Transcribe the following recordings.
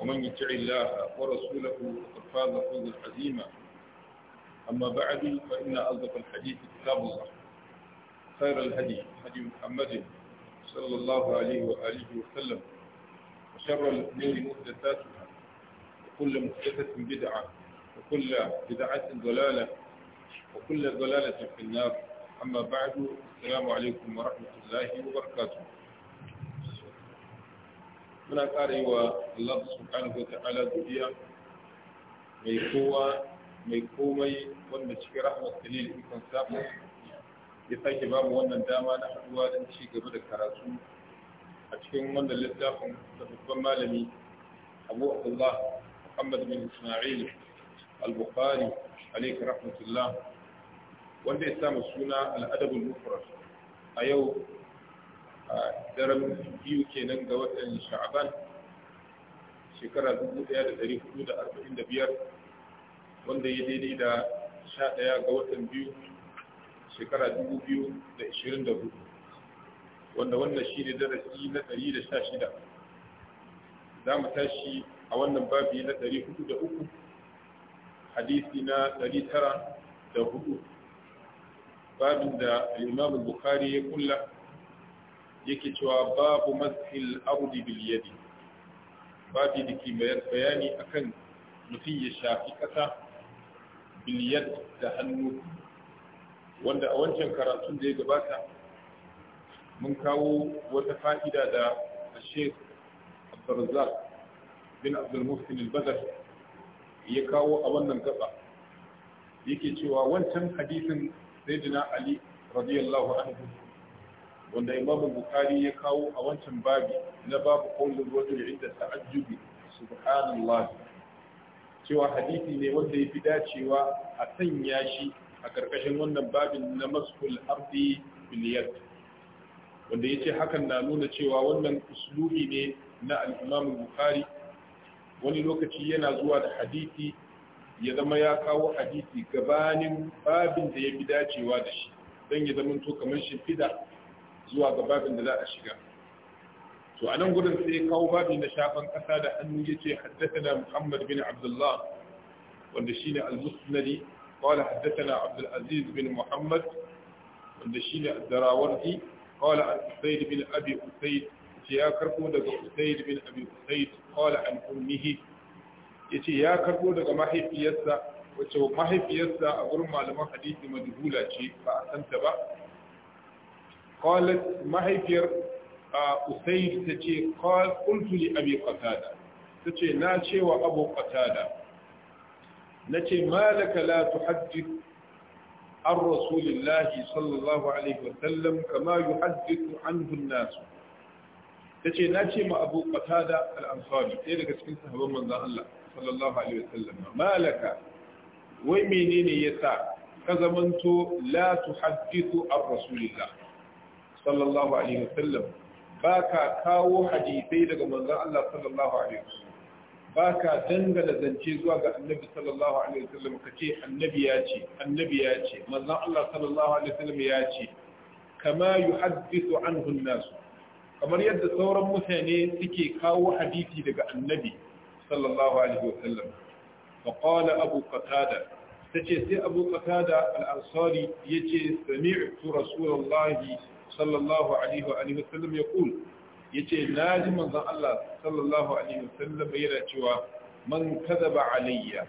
ومن يطع الله ورسوله فقد فاز فوزا عظيما أما بعد فإن أصدق الحديث كتاب الله خير الهدي هدي محمد صلى الله عليه وآله وسلم وشر الأمور محدثاتها وكل محدثة بدعة وكل بدعة ضلالة وكل ضلالة في النار أما بعد السلام عليكم ورحمة الله وبركاته muna ƙara yi wa Allah subhanahu wa ta'ala godiya mai kowa mai komai wanda cikin rahmat da ikon samu ya sake babu wannan dama na haɗuwa don ci gaba da karatu a cikin wanda littafin da babban malami abu abdullah muhammad bin isma'il al-bukhari alaihi rahmatullah wanda ya samu suna al'adabul mufrad a yau daren biyu kenan ga watan sha'aban shekara 1445 wanda ya daidai da 11 ga watan biyu shekara 2024 wanda wannan shi ne darasi na 116 za mu tashi a wannan babi na 403 hadisi na 904 babin da imam bukhari ya kulla yake cewa babu mazhil ardi bil yadi babu dake bayani akan mutum ya shafi kasa bil yad da hannu wanda a wancan karatun da ya gabata mun kawo wata fa'ida da Sheikh Abdurrazzaq bin Abdul Muhsin al-Badr ya kawo a wannan gaba yake cewa wancan hadisin sayyidina Ali radiyallahu anhu wanda imam bukhari ya kawo a wancan babi na babu qaulin rajul inda ta'ajjubi subhanallah cewa hadisi ne wanda yafi dacewa a sanya shi a karkashin wannan babin na maskul abdi biliyar wanda ya ce hakan na nuna cewa wannan uslubi ne na al'imamu bukari wani lokaci yana zuwa da hadisi ya zama ya kawo hadisi gabanin babin da ya fi dacewa da shi dan ya zama to kamar shimfida zuwa ga babin da za a shiga to a nan gudun sai kawo babi na shafan ƙasa da hannu ya ce haddasa muhammad bin abdullah wanda shi ne al-musnadi kawai حدثنا عبد العزيز بن محمد wanda shi ne al-Darawarji, الدراوردي قال عن أسيد بن أبي أسيد يا كربو دغ أسيد بن أبي أسيد قال عن أمه yace ya ce ya karko daga mahaifiyarsa wacce mahaifiyarsa a gurin malaman hadisi majhula ce ba a santa ba qalat mahaifiyar usayd tace qal qultu li abi qatada tace na cewa abu qatada nace malaka la tuhaddith an rasulillahi sallallahu alaihi wasallam kama yuhaddithu anhu an-nas tace na ce ma abu qatada al-ansari ɗaya daga cikin sahabban manzon Allah sallallahu alaihi wasallam malaka wai menene sa ka zamanto la tuhaddithu an rasulillah sallallahu alaihi wasallam ka kawo hadisai daga manzon Allah sallallahu alaihi wasallam ka dangana zance zuwa ga annabi sallallahu alaihi wasallam ce annabi ya ce annabi ya ce manzon Allah sallallahu alaihi wasallam ya ce kama yuhaddithu anhu an-nas kamar yadda sauran mutane suke kawo hadisi daga annabi sallallahu alaihi wasallam fa qala abu qatada tace sai abu qatada al-ansari yace sami'tu rasulullahi sallallahu alaihi wa alihi wasallam ya kul yace naji manzon Allah sallallahu alaihi wasallam yana cewa man kadaba alayya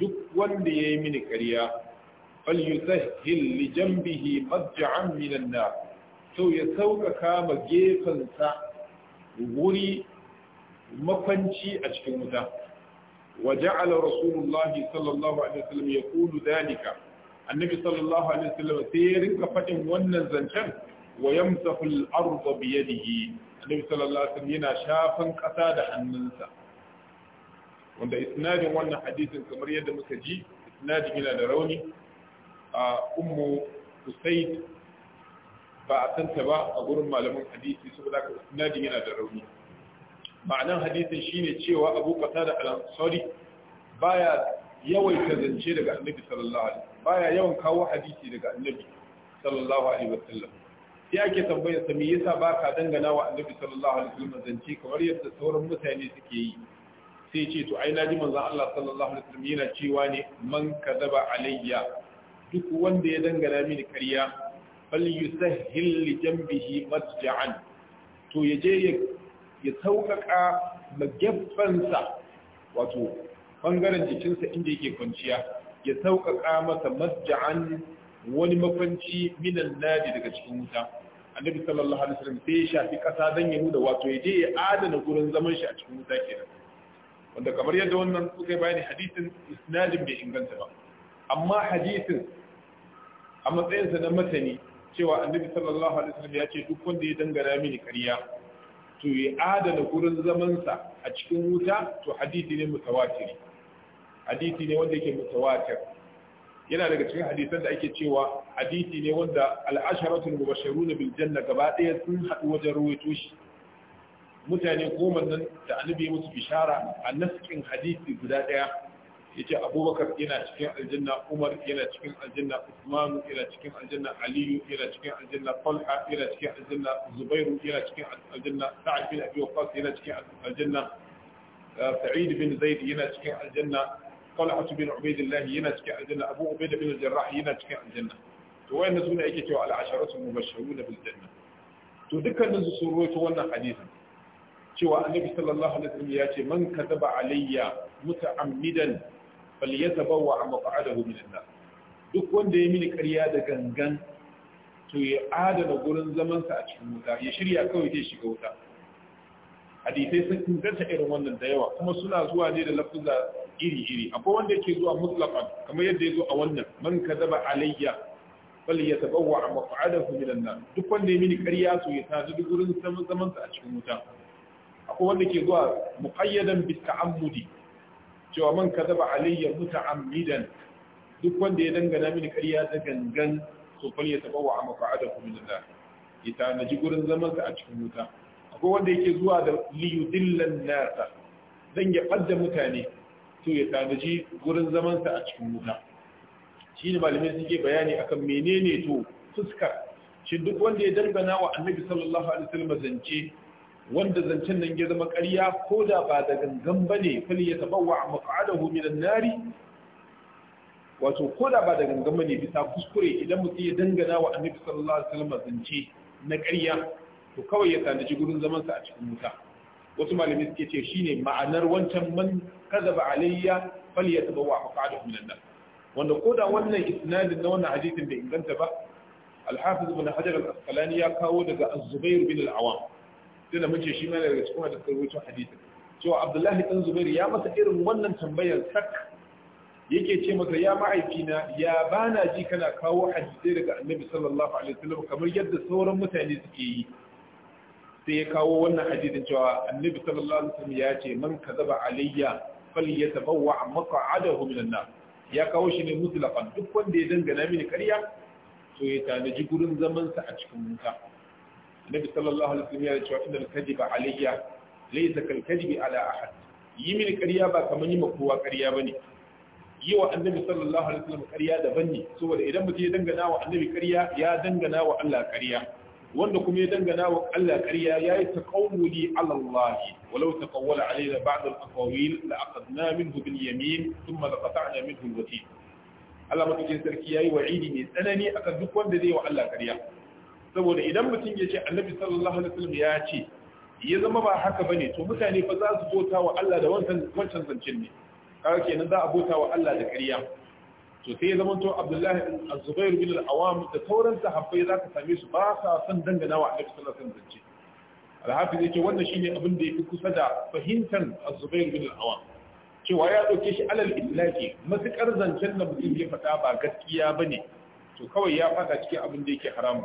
duk wanda yayi mini ƙarya fal yusahhil li janbihi madja'an min an-nar to ya sauƙaƙa ma gefansa wuri makwanci a cikin wuta وجعل رسول الله صلى الله عليه وسلم يقول ذلك annabi sallallahu alaihi wasallam sai ya rinka faɗin wannan zancen wa yamsahu al-ardh bi yadihi annabi sallallahu alaihi wasallam yana shafan kasa da hannunsa wanda isnadin wannan hadisin kamar yadda muka ji isnadin yana da rauni a ummu usaid ba a santa ba a gurin malaman hadisi saboda haka isnadin yana da rauni ma'anan hadisin shine cewa Abu da al-Ansari baya yawaita zance daga Annabi sallallahu alaihi wasallam baya yawan kawo hadisi daga Annabi sallallahu alaihi wasallam Ya ake tambayar sa me yasa baka dangana wa annabi sallallahu alaihi wasallam zance kamar yadda sauran mutane suke yi sai ce to ai naji manzon Allah sallallahu alaihi wasallam yana cewa ne man kadaba alayya duk wanda ya dangana mini ƙarya fal yusahhil li janbihi madja'an to je ya sauƙaƙa magabbansa wato bangaren jikinsa inda yake kwanciya ya sauƙaƙa masa madja'an wani makwanci minan nadi daga cikin wuta annabi sallallahu alaihi wasallam sai ya shafi kasa dan ya huda wato ya je ya adana gurin zaman shi a cikin wuta kenan wanda kamar yadda wannan kuka bayani hadisin isnadin bai inganta ba amma hadisin a matsayinsa na matani cewa annabi sallallahu alaihi wasallam ya ce duk wanda ya dangara mini ƙarya to ya adana gurin zaman sa a cikin wuta to hadisi ne mutawatir hadisi ne wanda yake mutawatir yana daga cikin hadisan da ake cewa hadisi ne wanda al'asharatul mubashirun bil janna gaba daya sun haɗu wajen ruwaito shi mutane goma nan da annabi musu bishara a naskin hadisi guda daya yace abubakar yana cikin aljanna umar yana cikin aljanna usman yana cikin aljanna aliyu yana cikin aljanna talha yana cikin aljanna zubairu yana cikin aljanna sa'id bin abi waqqas yana cikin aljanna sa'id bin zaid yana cikin aljanna talha bin ubaidillah yana cikin aljanna abu ubaida bin jarrah yana cikin aljanna to wayannan sune ake cewa al-asharatu mubashshirun bil janna to dukkanin su sun rawaito wannan hadisin cewa annabi sallallahu alaihi wasallam ya ce man kadaba alayya muta'ammidan falyatabawwa maq'adahu min an-nar duk wanda ya mini karya da gangan to ya adana wurin zamansa a cikin wuta ya shirya kawai zai shiga wuta hadisai sun inganta irin wannan da yawa kuma suna zuwa ne da lafuzza iri-iri akwai wanda yake zuwa mutlaqan kamar yadda ya zo a wannan man kadaba alayya minan nar duk wanda ya mini ƙarya so ya duk gurin zaman sa a cikin wuta akwai wanda ke zuwa muqayyadan ta'ammudi cewa man kadaba alayya muta'ammidan duk wanda ya dangana mini ƙarya gangan so minan nar ya gurin zaman sa a cikin wuta akwai wanda yake zuwa da liyudillan nasa dan ya mutane to ya tanaji gurin zamansa a cikin wuta shi ne malamai suke bayani akan menene to fuskar shi duk wanda ya dangana wa annabi sallallahu alaihi wasallam zance wanda zancen nan ya zama ƙarya ko da ba da gangan ba ne ya tabawwa maq'adahu min an-nari wato ko da ba da gangan bisa kuskure idan mutum ya dangana wa annabi sallallahu alaihi wasallam zance na ƙarya to kawai ya tanaji gurin zamansa a cikin wuta wasu malamai suke ce shine ma'anar wancan man kadhaba alayya falyatabawa maq'adahu min an-nar wanda koda wannan isnadin na wannan hadisin bai inganta ba al-hafiz ibn hajar al-asqalani ya kawo daga az-zubair bin al-awam tunda mun ce shi ma daga cikin hadisi rawaito hadisin cewa abdullahi dan zubair ya masa irin wannan tambayar sak yake ce masa ya ma'aikina ya bana ji kana kawo hadisai daga annabi sallallahu alaihi wasallam kamar yadda sauran mutane suke yi sai ya kawo wannan hadisin cewa annabi sallallahu alaihi wasallam ya ce man kazaba alayya falyatabawwa maq'adahu minan nar ya kawo shi ne mutlaqan duk wanda ya dangana mini ƙarya to ya tanaji gurin zaman sa a cikin wuta annabi sallallahu alaihi wasallam ya ce innal kadhiba alayya laysa kal kadhibi ala ahad yi mini ƙarya ba kaman yi ma kowa ƙarya bane yi wa annabi sallallahu alaihi wasallam ƙarya daban ne saboda idan mutum ya dangana wa annabi ƙarya ya dangana wa Allah ƙarya wanda kuma ya dangana wa Allah ƙarya yayi taqawuli ala Allah walau taqawwala alayna ba'd al-aqawil la aqadna minhu bil yamin thumma la qata'na minhu al-watin Allah madaukin sarki yayi wa'idi mai tsanani akan duk wanda zai wa Allah ƙarya saboda idan mutum ya ce Annabi sallallahu alaihi wasallam ya ce ya zama ba haka bane to mutane fa za su bota wa Allah da wancan wancan zancin ne kaga kenan za a bota wa Allah da ƙarya to sai zaman to abdullahi bin az-zubair bin al da sauran sahabbai ta same su ba sa son dangana wa annabi sallallahu alaihi wasallam Alhafi hafiz ce wannan shine abin da yake kusa da fahimtar az-zubair bin al cewa ya dauke shi alal itlaqi matukar zancen da mutum ya faɗa ba gaskiya bane to kawai ya fada cikin abin da yake haramu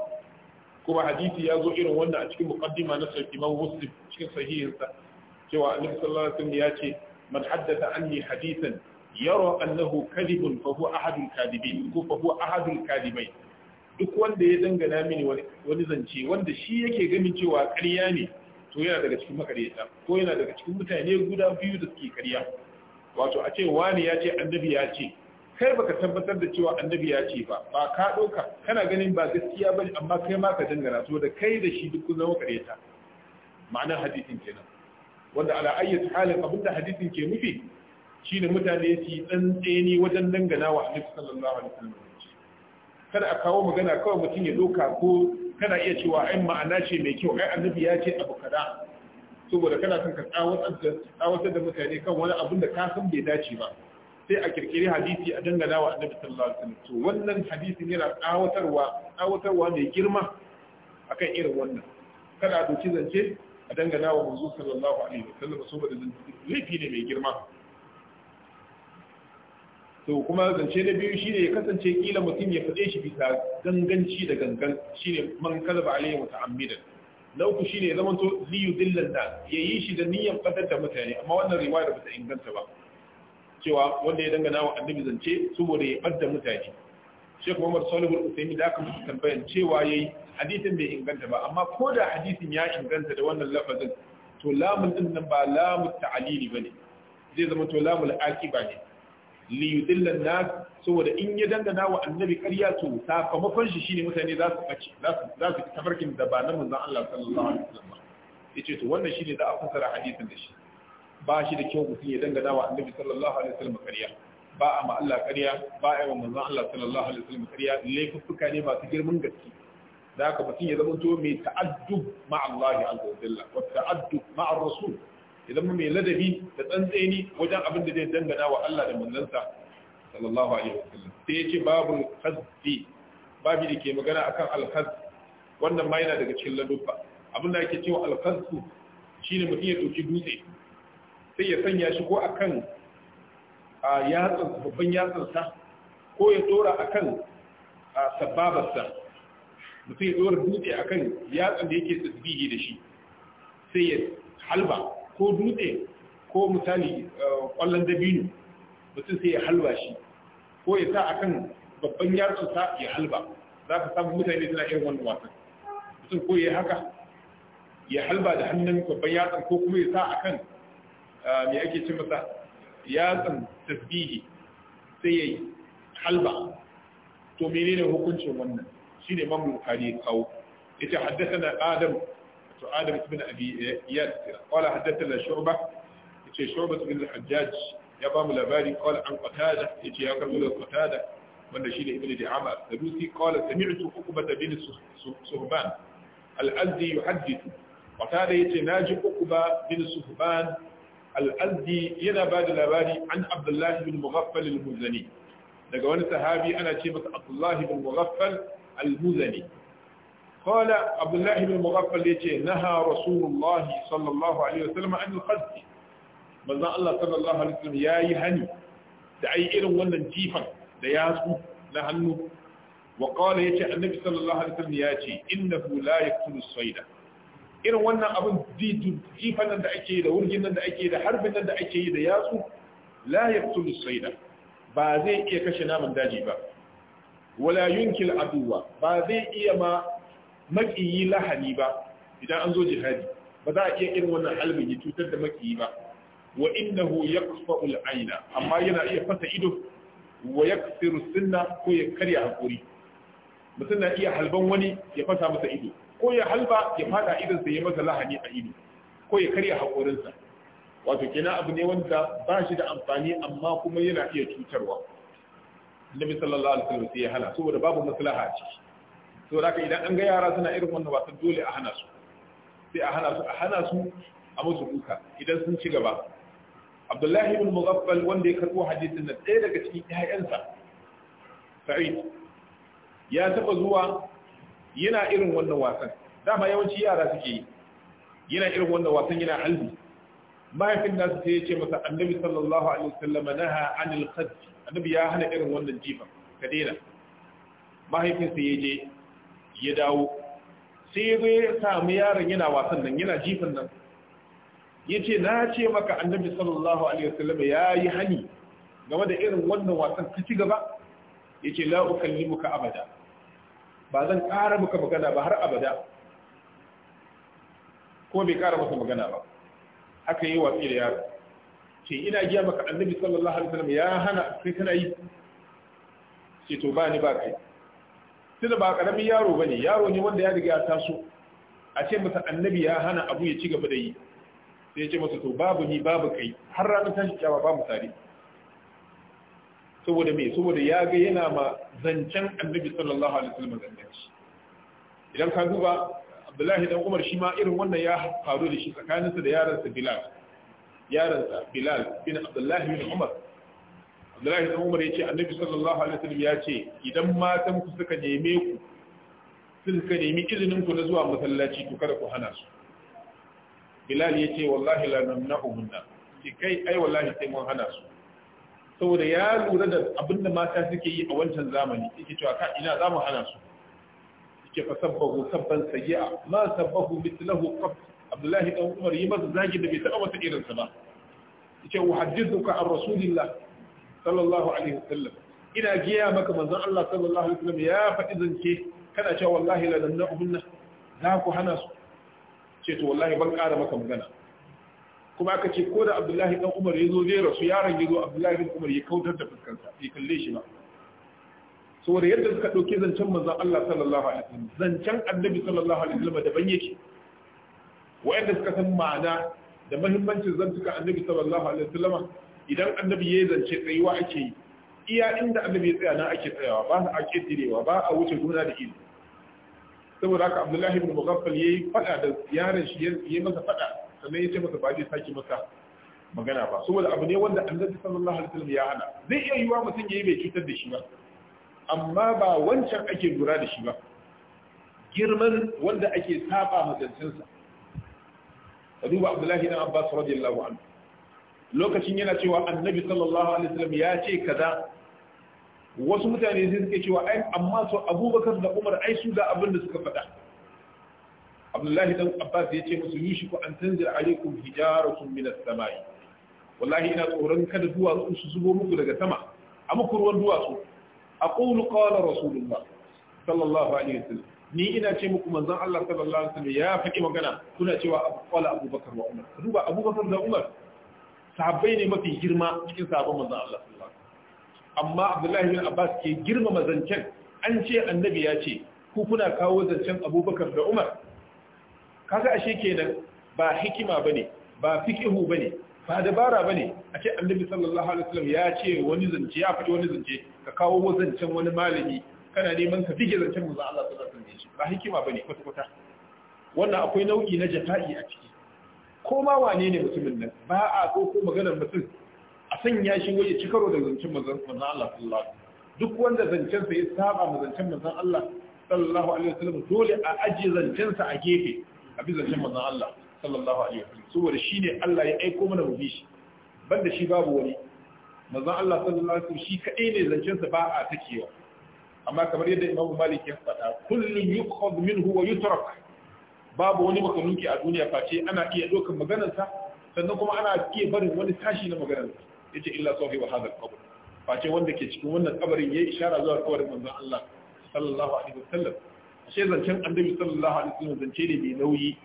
kuma hadisi ya zo irin wannan a cikin muqaddima na sahih imam muslim cikin sahihinsa cewa annabi sallallahu alaihi wasallam ya ce man haddatha anni hadithan yaro annahu kadhibun fa huwa ahadul kadhibin ko fa huwa duk wanda ya dangana mini wani zance wanda shi yake ganin cewa ƙarya ne to yana daga cikin makaryata ko yana daga cikin mutane guda biyu da suke ƙarya wato a ce wani ya ce annabi ya ce kai baka tabbatar da cewa annabi ya ce ba ba ka ɗauka kana ganin ba gaskiya bane amma kai ma ka dangana to da kai da shi duk kun zama ƙarya ma'anar hadisin kenan wanda ala ayyatu halin abinda hadisin ke nufi shine mutane su yi tsantseni wajen dangana wa annabi sallallahu alaihi wasallam kada a kawo magana kawai mutum ya doka ko kana iya cewa ai ma'ana ce mai kyau ai annabi ya ce abu kada saboda kana son ka tsawatar da mutane kan wani abun da ka san bai dace ba sai a kirkiri hadisi a dangana wa annabi sallallahu alaihi wasallam to wannan hadisin yana tsawatarwa tsawatarwa mai girma akan irin wannan kada a doki zance a dangana wa manzo sallallahu alaihi wasallam saboda laifi ne mai girma to kuma zance na biyu shine ya kasance kila mutum ya faɗe shi bisa ganganci da gangan shine man kalaba alayhi muta'ammidan na uku shine zaman to li yudillan da yayi shi da niyyar fadar da mutane amma wannan riwaya ba ta inganta ba cewa wanda ya dangana wa annabi zance saboda ya fadda mutane Sheikh Umar Salihu Al-Uthaymeen da aka musu tambayan cewa yayi hadisin bai inganta ba amma ko da hadisin ya inganta da wannan lafazin to lamun din nan ba lamun ta'alili bane zai zama to lamul aqiba ne li yudilla nas saboda in ya dangana wa annabi ƙarya to sakamakon shi shine mutane za su ɓace za su tafarkin da ba na manzon Allah sallallahu alaihi wasallam yace to wannan shine da a fassara hadisin da shi ba shi da kyau mutum ya dangana wa annabi sallallahu alaihi wasallam ƙarya ba a ma Allah ƙarya ba a yi wa manzon Allah sallallahu alaihi wasallam ƙarya laifuffuka ne masu girman gaske da haka mutum ya zama to mai ta'addub ma Allah wa jalla wa ta'addub ma rasul Idan zama mai ladabi da tsantseni wajen abin da zai dangana wa Allah da manzansa sallallahu alaihi wasallam sai yace babu khazzi babu da ke magana akan al wannan ma yana daga cikin ladubba abin da yake cewa al-khazzu shine mutum ya dauki dutse sai ya sanya shi ko akan a yatsan babban yatsansa ko ya dora akan sababarsa mutum ya dora dutse akan yatsan da yake tsibihi da shi sai ya halba ko dutse ko misali kwallon eh, dabino mutum sai ya halba shi ko ya sa akan babban yarsu sa ya halba za ka samu mutane suna irin wannan wasan mutum ko ya haka ya halba da hannun babban yatsan ko kuma ya sa akan eh, me ake ci masa yatsan tasbihi sai ya yi halba to menene hukuncin wannan Shi ne mamun kare kawo haddasa na adam to adam ibn abi iyad qala haddathana shu'ba yace shu'ba ibn al-hajjaj ya ba mu labari qala an qatada yace ya karbi da qatada wanda shine ibn di'ama sadusi qala sami'tu uqbata bin suhban al-azdi yuhaddithu qatada yace naji uqba bin suhban al-azdi yana ba da labari an abdullahi bin mughaffal al-muzani daga wani sahabi ana ce masa abdullahi bin mughaffal al-muzani قال عبد الله بن المغفل يجي نهى رسول الله صلى الله عليه وسلم عن القذف manzon Allah sallallahu alaihi wasallam yayi hani da ai irin wannan jifan da yatsu na hannu wa qala yace annabi sallallahu alaihi wasallam yace innahu la yaqtulu sayda irin wannan abin jifan nan da ake yi da wurgin nan da ake yi da harbin nan da ake yi da yatsu la yaqtulu sayda ba zai iya kashe naman daji ba wala aduwa ba zai iya ma makiyi lahani ba idan an zo jihadi ba za a iya irin wannan halin cutar da makiyi ba wa innahu yaqfa'ul aina amma yana iya fasa ido wa yaksiru sunna ko ya karya hakuri mutum na iya halban wani ya fasa masa ido ko ya halba ya fada idan sa ya masa lahani a ido ko ya karya hakurinsa wato kenan abu ne wanda ba shi da amfani amma kuma yana iya cutarwa Annabi sallallahu alaihi wasallam sai ya hana saboda babu maslaha a ciki to da idan an ga yara suna irin wannan wasan dole a hana su sai a hana su a hana su a musu kuka idan sun ci gaba abdullahi ibn mughaffal wanda ya karbo hadisin nan ɗaya daga cikin ƴaƴansa sa'id ya taba zuwa yana irin wannan wasan dama yawanci yara suke yi yana irin wannan wasan yana albi mahaifin nasu sai ya ce masa annabi sallallahu alaihi wasallam naha anil khadj annabi ya hana irin wannan jifa ka daina mahaifin sai ya je ya dawo sai ya zo ya samu yaron yana wasan nan yana jifin nan ya ce na ce maka annabi sallallahu alaihi wasallam ya yi hani game da irin wannan wasan ka ci gaba ya ce la ukallimuka abada ba zan ƙara muka magana ba har abada ko bai ƙara masa magana ba haka yi watsi da yaro ce ina giya maka annabi sallallahu alaihi wasallam ya hana sai kana yi ce to ba ni ba kai tunda ba karamin yaro bane yaro ne wanda ya riga ya taso a ce masa annabi ya hana abu ya ci gaba da yi sai ya ce masa to babu ni babu kai har ranar tashi kyawa ba mu tare saboda me saboda ya ga yana ma zancen annabi sallallahu alaihi wasallam zancanci idan ka duba Abdullahi dan Umar shi ma irin wannan ya faru da shi tsakaninsa da yaransa Bilal yaransa Bilal bin Abdullahi bin Umar Abdullahi dan Umar ce, Annabi sallallahu alaihi wasallam ce idan matan ku suka neme ku suka nemi izinin ku na zuwa masallaci to kada ku hana su Bilal ya ce, wallahi la namna'uhunna ki kai ai wallahi sai mun hana su saboda ya lura da abinda mata suke yi a wancan zamani yake cewa ka ina za mu hana su yake fa sabbahu sabban sayyi'a ma sabbahu mithlahu qab Abdullahi dan Umar yi masa zagi da bai taba masa irinsa ba yace uhaddithuka an rasulillah sallallahu alaihi wasallam ina giya maka manzon Allah sallallahu alaihi wasallam ya faɗi zance kana cewa wallahi la danna za ku hana su ce to wallahi ban ƙara maka magana kuma aka ce ko da Abdullahi dan Umar ya zo zai rasu yaron ya zo Abdullahi dan Umar ya kautar da fuskarsa ya kalle shi ba saboda yadda suka ɗauki zancen manzon Allah sallallahu alaihi wasallam zancen annabi sallallahu alaihi wasallam daban yake wa'anda suka san ma'ana da muhimmancin zantuka annabi sallallahu alaihi wasallam idan annabi ya zance tsayuwa ake yi iya inda annabi ya tsaya nan ake tsayawa ba a ke direwa ba a wuce gona da ido saboda haka abdullahi ibn mughaffal yayi fada da yaron shi yayi masa fada sannan ya ce masa ba zai saki masa magana ba saboda abu ne wanda annabi sallallahu alaihi wasallam ya hana zai iya yiwa mutum yayi bai cutar da shi ba amma ba wancan ake lura da shi ba girman wanda ake saba madancinsa ka duba abdullahi ibn abbas radiyallahu anhu lokacin yana cewa annabi sallallahu alaihi wasallam ya ce kaza wasu mutane sai suke cewa ai amma so abubakar da umar ai su da abin da suka faɗa abdullahi dan abbas ya ce musu ku an tanzil alaikum hijaratun min as-samai wallahi ina tsoron kada duwatsu su zubo muku daga sama a ruwan duwatsu aqulu qala rasulullah sallallahu alaihi wasallam ni ina ce muku manzon Allah sallallahu alaihi wasallam ya faɗi magana kuna cewa qala abubakar wa umar duba abubakar da umar sahabbai ne mafi girma cikin sahabban manzon Allah sallallahu alaihi amma Abdullahi bin Abbas ke girma mazancen an ce annabi ya ce ku kuna kawo zancen Abubakar da Umar kaga ashe kenan ba hikima bane ba fiqhu bane ba dabara bane a ce annabi sallallahu alaihi wasallam ya ce wani zance ya fito wani zance ka kawo zancen wani malami kana neman ka fige zancen manzon Allah sallallahu alaihi wasallam ba hikima bane kwata kwata wannan akwai nau'i na jafa'i a ciki ko ma wane ne mutumin nan ba a ko maganar mutum a sanya shi waje ci karo da zancen manzon Allah sallallahu alaihi wasallam duk wanda zancen sa ya saba ma zancen manzon Allah sallallahu alaihi wasallam dole a ajiye zancen sa a gefe a bi zancen manzon Allah sallallahu alaihi wasallam saboda shine Allah ya aiko mana mu bi shi banda shi babu wani manzon Allah sallallahu alaihi wasallam shi kadai ne zancen sa ba a takewa amma kamar yadda Imam Malik ya faɗa kullun yukhadh minhu wa yutrak babu wani makamunki a duniya face ana iya ɗaukar maganarsa sannan kuma ana iya barin wani tashi na maganarsa ya ce illa sofi wa hazar kabar face wanda ke cikin wannan kabarin ya yi ishara zuwa kabarin manzon Allah sallallahu alaihi wa wasallam ashe zancen annabi sallallahu alaihi wa wasallam zance ne mai nauyi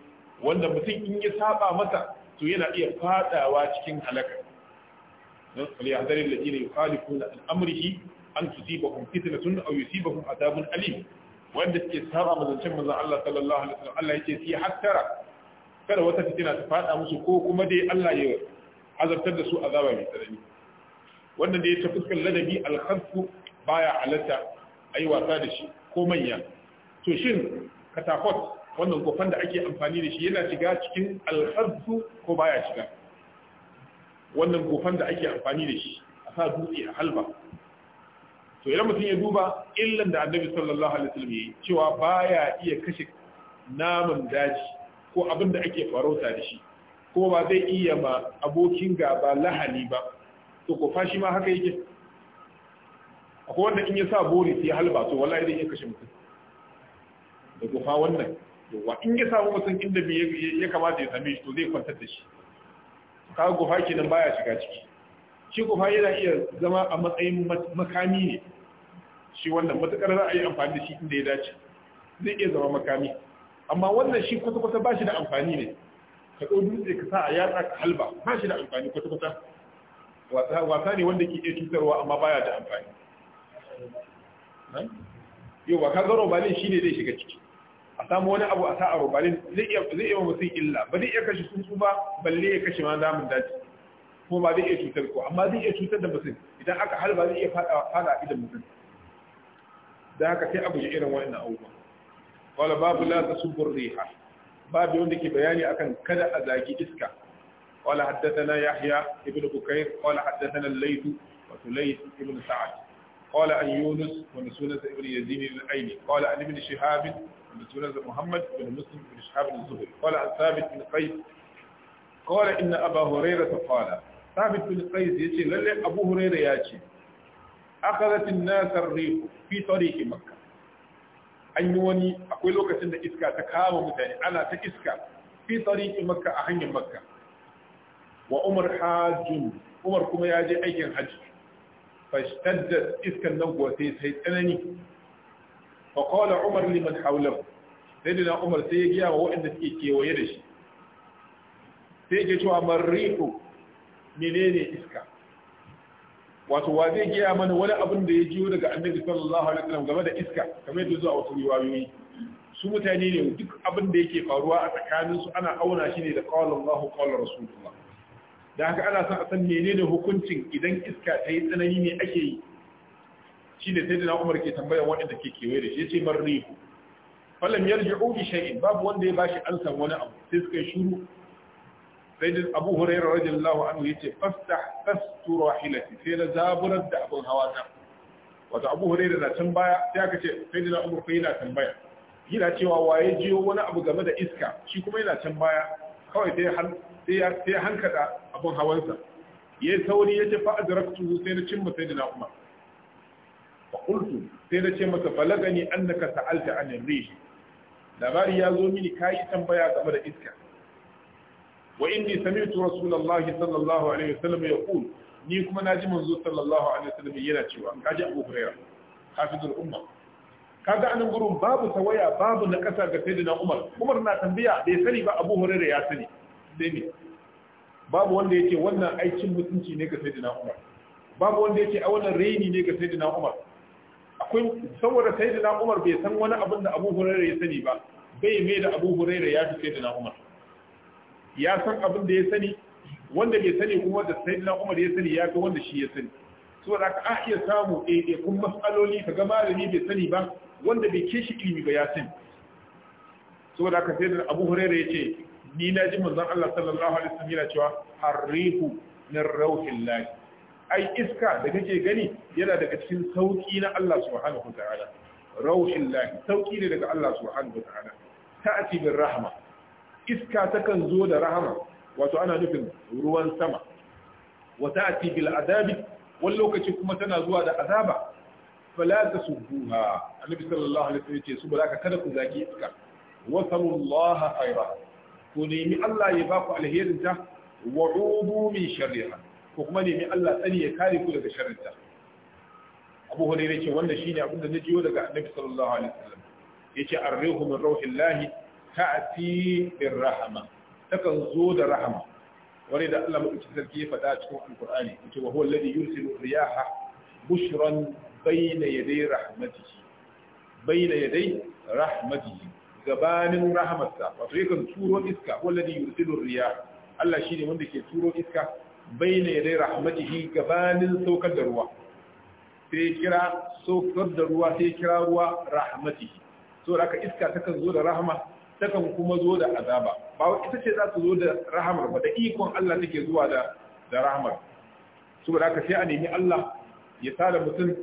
wanda mutum in ya saba masa to yana iya fadawa cikin halaka don falyahdari alladhina yukhalifuna an amrihi an tusibahum fitnatun aw yusibahum adabun alim wanda suke saba mazancin manzon Allah sallallahu alaihi wasallam Allah yake fi hattara kada wata fitina ta fada musu ko kuma dai Allah ya azabtar da su azaba mai tsanani wannan da ya ta fuskar ladabi alkhafu baya halatta ayi wasa da shi ko manya to shin katakot wannan kofan da ake amfani da shi yana shiga cikin alkhafu ko baya shiga wannan kofan da ake amfani da shi a sa dutse a halba to idan mutum ya duba illan da annabi sallallahu alaihi wasallam yayi cewa baya iya kashe naman daji ko abin da ake farauta da shi ko ba zai iya ma abokin gaba lahani ba to ko fashi ma haka yake akwai wanda in ya sa bori sai halba to wallahi zai iya kashe mutum da gofa wannan yawa in ya samu mutum inda ya kamata ya same shi to zai kwantar da shi kaga gofa kenan baya shiga ciki shi gofa yana iya zama a matsayin makami ne shi wannan matakar za a yi amfani da shi inda ya dace zai iya zama makami amma wannan shi kwata-kwata ba shi da amfani ne ka ɗau dutse ka sa a yatsa ka halba ba shi da amfani kwata-kwata wasa ne wanda ke iya cutarwa amma baya da amfani yau ba ka ga robalin shi ne zai shiga ciki a samu wani abu a sa'a robalin zai iya zai iya mutum illa ba zai iya kashe tsuntsu ba balle ya kashe ma zamun daji kuma ba zai iya cutar ko amma zai iya cutar da mutum idan aka halba zai iya fada fada idan mutum da haka sai abu ya irin wannan abubuwa wala babu la tasubur riha babu wanda ke bayani akan kada a zagi iska wala haddathana yahya ibnu bukair wala haddathana al-layth wa sulayth ibnu sa'ad qala an yunus wa sunan ibnu yazid al-aini qala an ibnu shihab wa sunan muhammad ibn muslim ibn shihab az-zuhri qala an thabit ibn qais qala inna aba hurairah qala thabit ibn qais yace lalle abu hurairah yace akhadhat an-nas ar fi tariq makkah an yi wani akwai lokacin da iska ta kama mutane ana ta iska fi tariq makkah a hanyar makkah wa umar hajjun umar kuma ya je aikin hajji fashtaddat iskan nan kuwa sai sai tsanani fa qala umar liman hawlahu sai umar sai ya wa waɗanda suke kewaye da shi sai ya menene iska wato wa zai gaya mana wani abin da ya jiyo daga annabi sallallahu alaihi wasallam game da iska kamar yadda zuwa wasu riwayoyi su mutane ne duk abin da yake faruwa a tsakanin su ana auna shi ne da qala Allahu qala Rasulullah da haka ana son a san menene hukuncin idan iska ta yi tsanani ne ake yi shi ne sai dana Umar ke tambayar waɗanda ke kewaye da shi ya ce marrihu falam yarji'u bi shay'in babu wanda ya bashi ansan wani abu sai suka yi shiru sai da abu hurairu radiyallahu anhu yace fastah fastu rahilati sai na zaburar da abun hawa ta wato abu hurairu na can baya sai aka ce sai da abu hurairu yana tambaya yana cewa waye jiyo wani abu game da iska shi kuma yana can baya kawai sai han sai hankada abun hawansa yayi sauri yace fa adraktu sai na cimma sai da umar fa qultu sai na ce masa balagani annaka sa'alta an ar-rih labari ya zo mini kayi tambaya game da iska wa inni sami'tu rasulullahi sallallahu alaihi wasallam yaqul ni kuma naji manzo sallallahu alaihi wasallam yana cewa kaji Abu Hurairah hafizul umma kaga anan gurin babu tawaya babu na ga sayyidina Umar Umar na tambaya bai sani ba Abu Hurairah ya sani sai ne babu wanda yake wannan aikin mutunci ne ga sayyidina Umar babu wanda yake a wannan raini ne ga sayyidina Umar akwai saboda Umar bai san wani abin da Abu Hurairah ya sani ba bai mai da Abu Hurairah ya fi sayyidina Umar ya san abin da ya sani wanda bai sani kuma da na Umar ya sani ya fi wanda shi ya sani saboda haka a iya samu ɗaiɗai kun mas'aloli ka ga malami bai sani ba wanda bai ke shi ilimi ba ya sani da haka sai da Abu Hurairah ya ce ni na ji manzon Allah sallallahu alaihi wasallam yana cewa harrihu min rauhillahi ai iska da kake gani yana daga cikin sauki na Allah subhanahu wa ta'ala rauhillahi sauki ne daga Allah subhanahu wa ta'ala ta'ati bir rahma iska takan zo da rahama wato ana nufin ruwan sama wata ati bil azabi wani lokaci kuma tana zuwa da azaba fala tasubbuha annabi sallallahu alaihi wasallam ce su ba ka kada ku zaki iska wa sallallahu khaira ku nemi Allah ya baku alherin ta wa udu min sharriha ko kuma nemi Allah tsari ya kare ku daga sharrin ta Abu Hurairah ce wannan shine abin da na jiyo daga Annabi sallallahu alaihi wasallam yace arrihu min rauhillahi ta'ti bir rahama, takan zo da rahama. wani da Allah mutunci sarki ya faɗa cikin alkur'ani yace wa huwa alladhi yursilu riyaha bushran bayna yaday rahmatihi bayna yaday rahmatihi gabanin rahamarsa, wato yakan turo iska huwa alladhi yursilu riyaha Allah shine wanda ke turo iska bayna yaday rahmatihi gabanin saukar da ruwa sai kira saukar da ruwa sai kira ruwa rahmatihi so da aka iska takan zo da rahama. takan kuma zo da azaba ba ita ce za su zo da rahamar ba da ikon Allah take zuwa da da rahamar saboda haka sai a nemi Allah ya sada mutum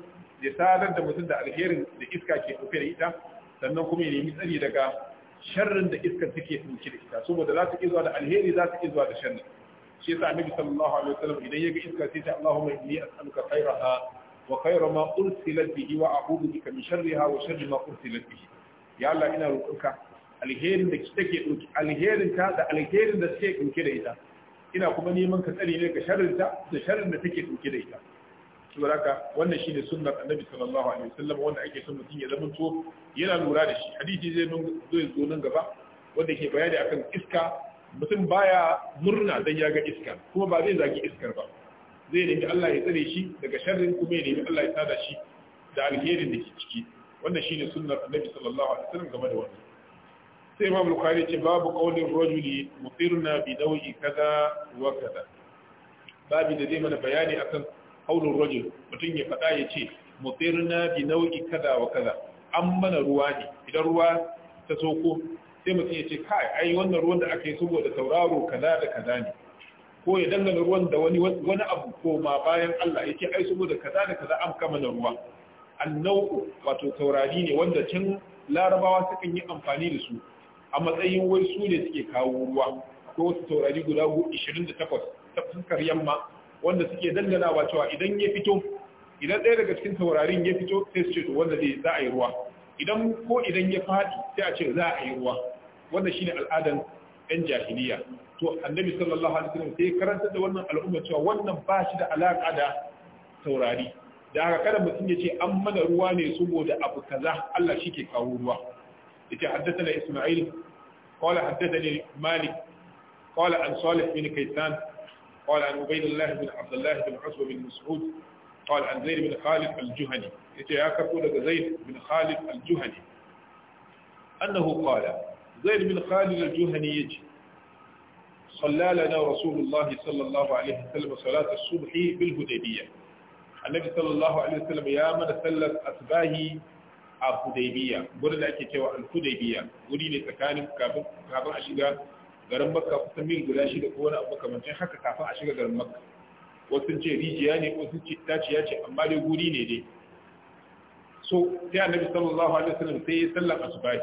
ya sadar da mutum da alherin da iska ke dauke da ita sannan kuma ya nemi tsari daga sharrin da iska take dauke da ita saboda za su iya zuwa da alheri za su iya zuwa da sharri shi yasa annabi sallallahu alaihi wasallam idan ya ga iska sai ta Allahumma inni as'aluka khairaha wa khayra ma ursilat bihi wa a'udhu bika min sharriha wa sharri ma ursilat bihi ya Allah ina roƙonka alherin da take dauki alherin ta da alherin da take dauke da ita ina kuma neman ka tsare ne ga sharrin ta da sharrin da take dauke da ita saboda haka wannan shine sunnar annabi sallallahu alaihi wasallam wanda ake son mutum ya zama to yana lura da shi hadisi zai zai zo nan gaba wanda ke bayani akan iska mutum baya murna dan ya ga iska kuma ba zai zagi iskar ba zai nemi Allah ya tsare shi daga sharrin kuma ya nemi Allah ya tada shi da alherin da ke ciki wannan shine sunnar annabi sallallahu alaihi wasallam game da wannan sai imam bukhari ce babu qaulin rajuli mutirna bi dawi kaza wa kaza babu da zai mana bayani akan qaulin rajul mutum ya fada ya ce mutirna bi nau'i kaza wa kaza an mana ruwa ne idan ruwa ta soko sai mutum ya ce kai ai wannan ruwan da aka yi saboda tauraro kaza da kaza ne ko ya dangana ruwan da wani wani abu ko ma bayan Allah yake ai saboda kaza da kaza an kama da ruwa annau wato taurari ne wanda can larabawa sukan yi amfani da su a matsayin wai su ne suke kawo ruwa ko wasu taurari guda 28 ta fuskar yamma wanda suke dangana ba cewa idan ya fito idan ɗaya daga cikin taurarin ya fito sai su ce to wanda zai za a yi ruwa idan ko idan ya faɗi sai a ce za a yi ruwa Wanda shine al'adan yan jahiliya to annabi sallallahu alaihi wasallam sai karanta da wannan al'umma cewa wannan ba shi da alaka da taurari da haka kada mutum ya ce an mana ruwa ne saboda abu kaza Allah shi ke kawo ruwa يتي حدثنا إسماعيل قال حدثني مالك قال عن صالح بن كيسان قال عن عبيد الله بن عبد الله بن عصبة بن مسعود قال عن زيد بن خالد الجهني إذا يا زيد بن خالد الجهني أنه قال زيد بن خالد الجهني يجي صلى لنا رسول الله صلى الله عليه وسلم صلاة الصبح بالهديبية النبي صلى الله عليه وسلم يا من سلت أتباهي a Hudaybiya gurin da ake cewa al Hudaybiya Wuri ne tsakanin kafin kafin a shiga garin Makka kusan mil guda shida ko wani abu kamancin haka kafin a shiga garin Makka wasu ce rijiya ne wasu ce taciya ce amma dai guri ne dai so sai annabi sallallahu alaihi wasallam sai ya sallar asubahi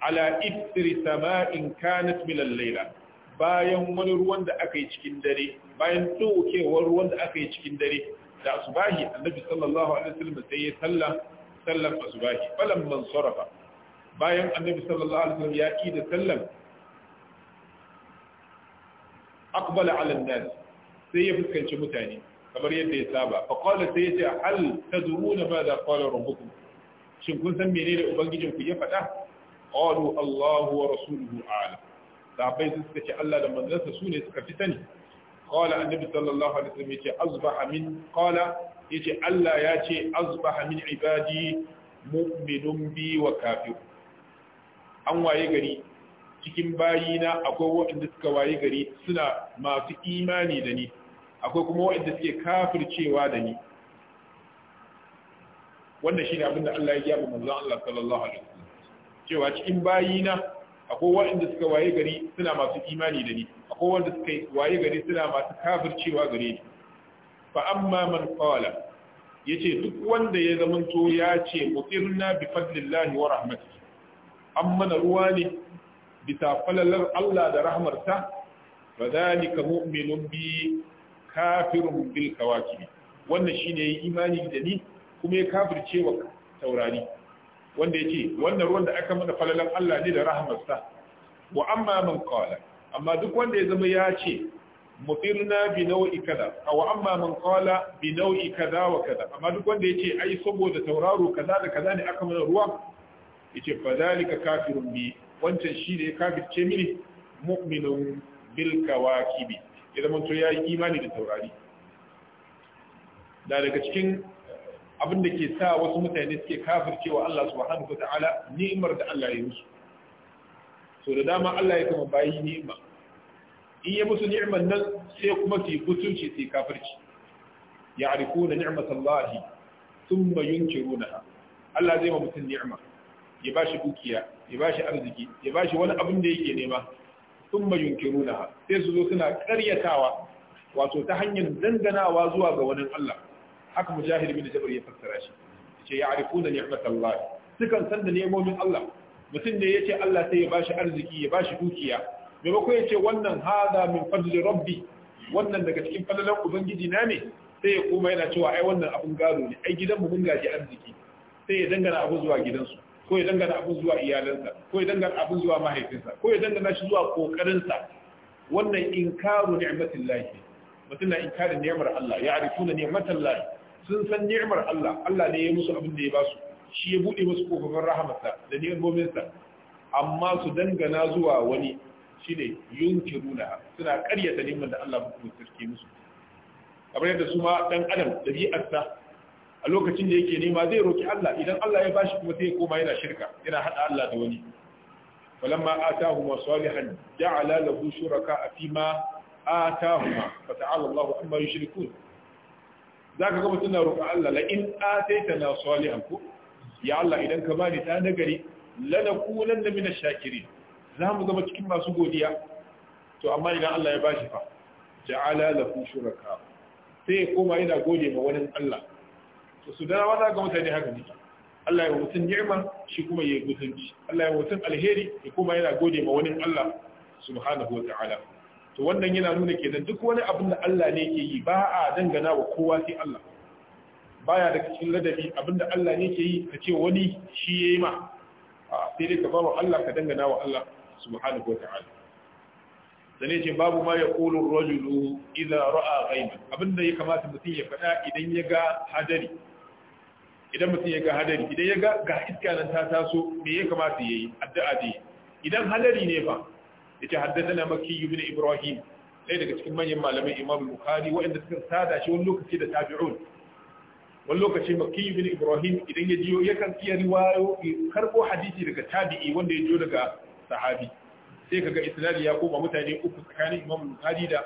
ala ibtiri sama'in kanat min al-layla bayan wani ruwan da aka yi cikin dare bayan dokewar ruwan da aka yi cikin dare da asubahi annabi sallallahu alaihi wasallam sai ya sallar sallan asubahi falan man sarafa bayan annabi sallallahu alaihi wasallam ya yi da sallan aqbala ala nas sai ya fuskanci mutane kamar yadda ya saba fa qala sai yace hal tadruna ma da qala rabbukum shin kun san menene ubangijin ku ya faɗa qalu Allahu wa rasuluhu a'lam sahabbai suka ce Allah da manzansa su ne suka fi sani qala annabi sallallahu alaihi wasallam ce, azbaha min qala yace Allah ya ce azbaha min ibadi mu'minun bi wa kafir an waye gari cikin bayina akwai waɗanda suka waye gari suna masu imani da ni akwai kuma waɗanda suke kafircewa da ni wannan shine abin da Allah ya yaba manzon Allah sallallahu alaihi wasallam cewa cikin bayina akwai waɗanda suka waye gari suna masu imani da ni akwai wanda suka waye gari suna masu kafircewa gare ni fa amma man qala yace duk wanda ya zamanto ya ce mutirna bi fadlillahi wa rahmatihi amma na ruwa ne bisa falalar Allah da rahmarsa fa zalika mu'minun bi kafirun bil kawakib wannan shine yayi imani da ni kuma ya kafirce wa taurari wanda yace wannan ruwan da aka mana falalar Allah ne da rahmarsa wa amma man qala amma duk wanda ya zama ya ce mutirna bi nau'i kaza aw amma man qala bi nau'i kaza wa kaza amma duk wanda yace ai saboda tauraro kaza da kaza ne aka mana ruwa yace fa zalika kafirun bi wancan shi kafirce mini mu'minun bil kawakibi Idan zama to yayi imani da taurari da daga cikin abin da ke sa wasu mutane suke kafircewa Allah subhanahu wa ta'ala ni'imar da Allah ya yi musu so da dama Allah ya kama bayi ni'ima in yi musu ni'imar nan sai kuma su yi butunci sai kafirci ya arifu na ni'imar sallahi sun mayun kiruna Allah zai ma mutum ni'ima ya ba shi dukiya ya ba shi arziki ya ba shi wani abin da yake nema sun mayun kiruna sai su zo suna karyatawa wato ta hanyar danganawa zuwa ga wani Allah haka mujahid bin jabir ya fassara shi ce ya arifu da ni'imar sallahi sukan san da nemomin Allah mutum ne ya ce Allah sai ya ba shi arziki ya ba shi dukiya maimakon ya ce wannan hada min fadli rabbi wannan daga cikin fadalan ubangiji na ne sai ya koma yana cewa ai wannan abun gado ne ai gidan mu mun gaji arziki sai ya dangana abun zuwa gidansu ko ya dangana abun zuwa iyalansa ko ya dangana abun zuwa mahaifinsa ko ya dangana shi zuwa kokarinsa wannan inkaru ni'matillahi mutum na inkarin ni'mar Allah ya arifuna ni'matallahi sun san ni'mar Allah Allah ne ya musu abin da ya ba su shi ya buɗe musu kofofin rahamarsa da ni'mominsa amma su dangana zuwa wani shine yunkiruna suna karyata neman da Allah muku sarki musu kamar yadda su ma dan adam dabi'arsa a lokacin da yake nema zai roki Allah idan Allah ya bashi kuma sai ya koma yana shirka yana hada Allah da wani falamma atahuma salihan ja'ala lahu shuraka fi ma atahuma fa ta'ala Allahu amma yushrikun zaka ga mutun na roƙa Allah la in ataitana salihan ku ya Allah idan ka bani ta nagari lanakunanna minash shakirin za mu zama cikin masu godiya to amma idan Allah ya bashi fa ja'ala lahu shuraka sai ya koma yana gode ma wani Allah to su da wani ga mutane haka ne Allah ya mutum ni'ima shi kuma ya gutunci Allah ya mutum alheri ya koma yana gode ma wani Allah subhanahu wa ta'ala to wannan yana nuna kenan duk wani abin da Allah ne ke yi ba a dangana wa kowa sai Allah baya daga cikin ladabi abinda Allah ne ke yi ka ce wani shi yayi ma sai dai ka bawa Allah ka dangana wa Allah subhanahu wa ta'ala dan ce babu ma ya qulu ar-rajulu idza ra'a ghaiban abinda ya kamata mutum ya faɗa idan ya ga hadari idan mutum ya ga hadari idan ya ga ga iska nan ta taso me ya kamata yayi addu'a dai idan hadari ne fa yace haddathana makki ibn ibrahim ɗaya daga cikin manyan malamai imam bukhari waɗanda suka sada shi wani lokaci da tabi'un wani lokaci makki ibn ibrahim idan ya jiyo yakan iya riwayo karbo hadisi daga tabi'i wanda ya jiyo daga sahabi sai kaga isnadi ya koma mutane uku tsakanin imam al-hadi da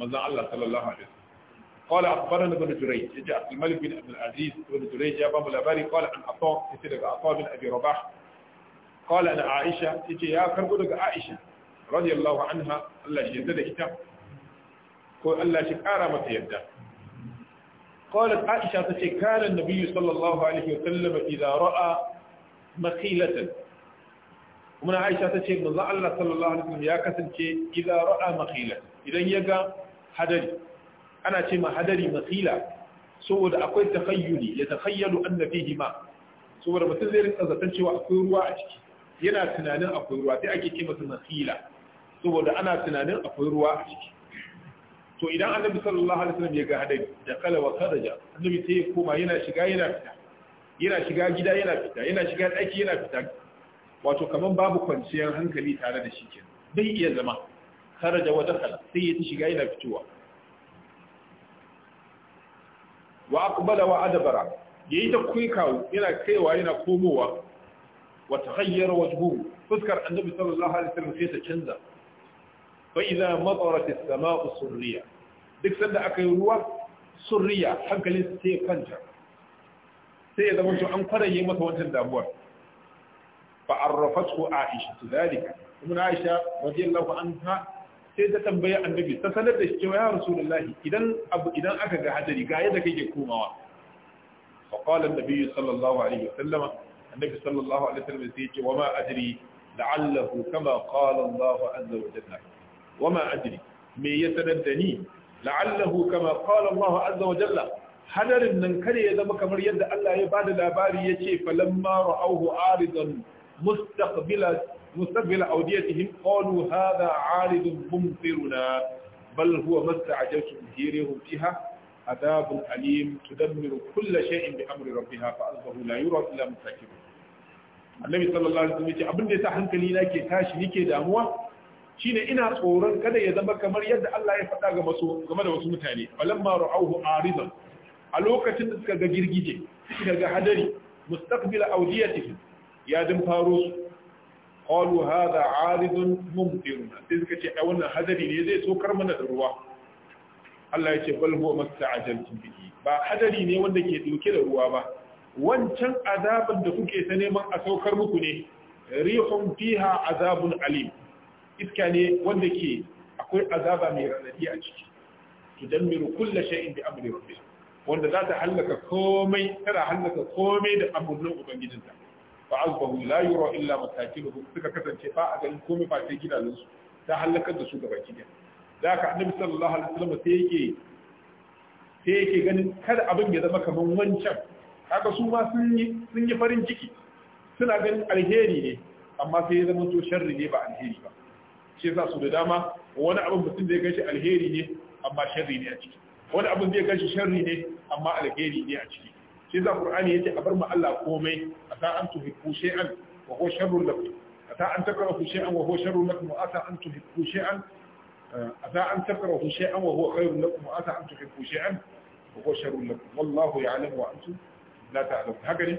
Allah sallallahu alaihi wasallam qala akhbarana ibn jurayj ja'a al-malik bin abd al-aziz ibn jurayj ya bamu labari qala an ata ita daga ata bin abi rabah qala aisha ya karbo daga aisha radiyallahu anha Allah shi yadda ita ko Allah shi kara mata yadda قالت عائشة تشكال النبي صلى الله عليه وسلم إذا رأى مخيلة kuma Aisha ta ce manzo Allah sallallahu alaihi wasallam ya kasance idza ra'a makhila idan ya ga hadari ana ce ma hadari makhila saboda akwai takhayyuli ya takhayyalu anna fihi ma saboda mutum zai rinka zaton cewa akwai ruwa a ciki yana tunanin akwai ruwa sai ake ce masa makhila saboda ana tunanin akwai ruwa a ciki to idan annabi sallallahu alaihi wasallam ya ga hadari da kala wa kharaja annabi sai ya koma yana shiga yana fita yana shiga gida yana fita yana shiga daki yana fita wato kamar babu kwanciyar hankali tare da shi ke bai iya zama da wata dakhala sai ya shiga yana fitowa wa aqbala wa Ya yayi ta kuikawo yana kaiwa yana komowa wa taghayyara wajhuhu fuskar annabi sallallahu alaihi wasallam sai ta canza fa idza matarat as a surriya duk sanda aka yi ruwa surriya hankalin sai kwanta sai ya zama an an kwaraye masa wancan damuwar fa'arrafatku aisha tu zalika kuma aisha radiyallahu anha sai ta tambaye annabi ta sanar da shi cewa ya idan aka ga hadari ga yadda kake komawa fa qala annabi sallallahu alaihi wasallama annabi sallallahu alaihi wasallam sai ya ce wa ma adri la'allahu kama qala Allah azza wa wa ma me ya sanar da ni hadarin nan kare ya zama kamar yadda Allah ya bada labari yace falamma ra'awhu aridan مستقبل مستقبل أوديتهم قالوا هذا عارض ممطرنا بل هو ما استعجلتم به فيها عذاب أليم تدمر كل شيء بأمر ربها فأصبحوا لا يرى إلا مساكنون annabi sallallahu alaihi wasallam yace abin da yasa hankali na ke tashi nake damuwa shine ina tsoron kada ya zama kamar yadda Allah ya faɗa ga game da wasu mutane falamma ra'awhu aridan a lokacin da suka ga girgije suka ga hadari mustaqbil awdiyatihim ya din faro su qalu hadha aridun mumtiruna sai suka ce a wannan hadari ne zai sokar mana da ruwa Allah ya ce bal huwa masta'ajaltum bihi ba hadari ne wanda ke dauke da ruwa ba wancan azaban da kuke ta neman a saukar muku ne rihun fiha azabun alim iska ne wanda ke akwai azaba mai ranadi a ciki tudammiru kullu shay'in bi amri rabbih wanda za ta halaka komai tana halaka komai da amurnin ubangijinta fa azbahu la yura illa masakinuhum suka kasance ba a ganin komai ba sai gidajen su ta halakar da su gaba ɗaya da haka annabi sallallahu alaihi wasallam sai yake sai yake ganin kada abin ya zama kaman wancan haka su ma sun yi sun yi farin ciki suna ganin alheri ne amma sai ya zama to sharri ne ba alheri ba shi yasa su da dama wani abin mutum da ya gashi alheri ne amma sharri ne a ciki wani abin zai gashi sharri ne amma alheri ne a ciki shi za qur'ani yace a bar mu Allah komai asa an tuhibbu shay'an wa huwa sharrun lakum an takrahu shay'an wa huwa sharrun lakum an tuhibbu shay'an asa an takrahu shay'an wa huwa khairun lakum an tuhibbu shay'an wa huwa sharrun lakum wallahu ya'lamu wa antum la ta'lamun haka ne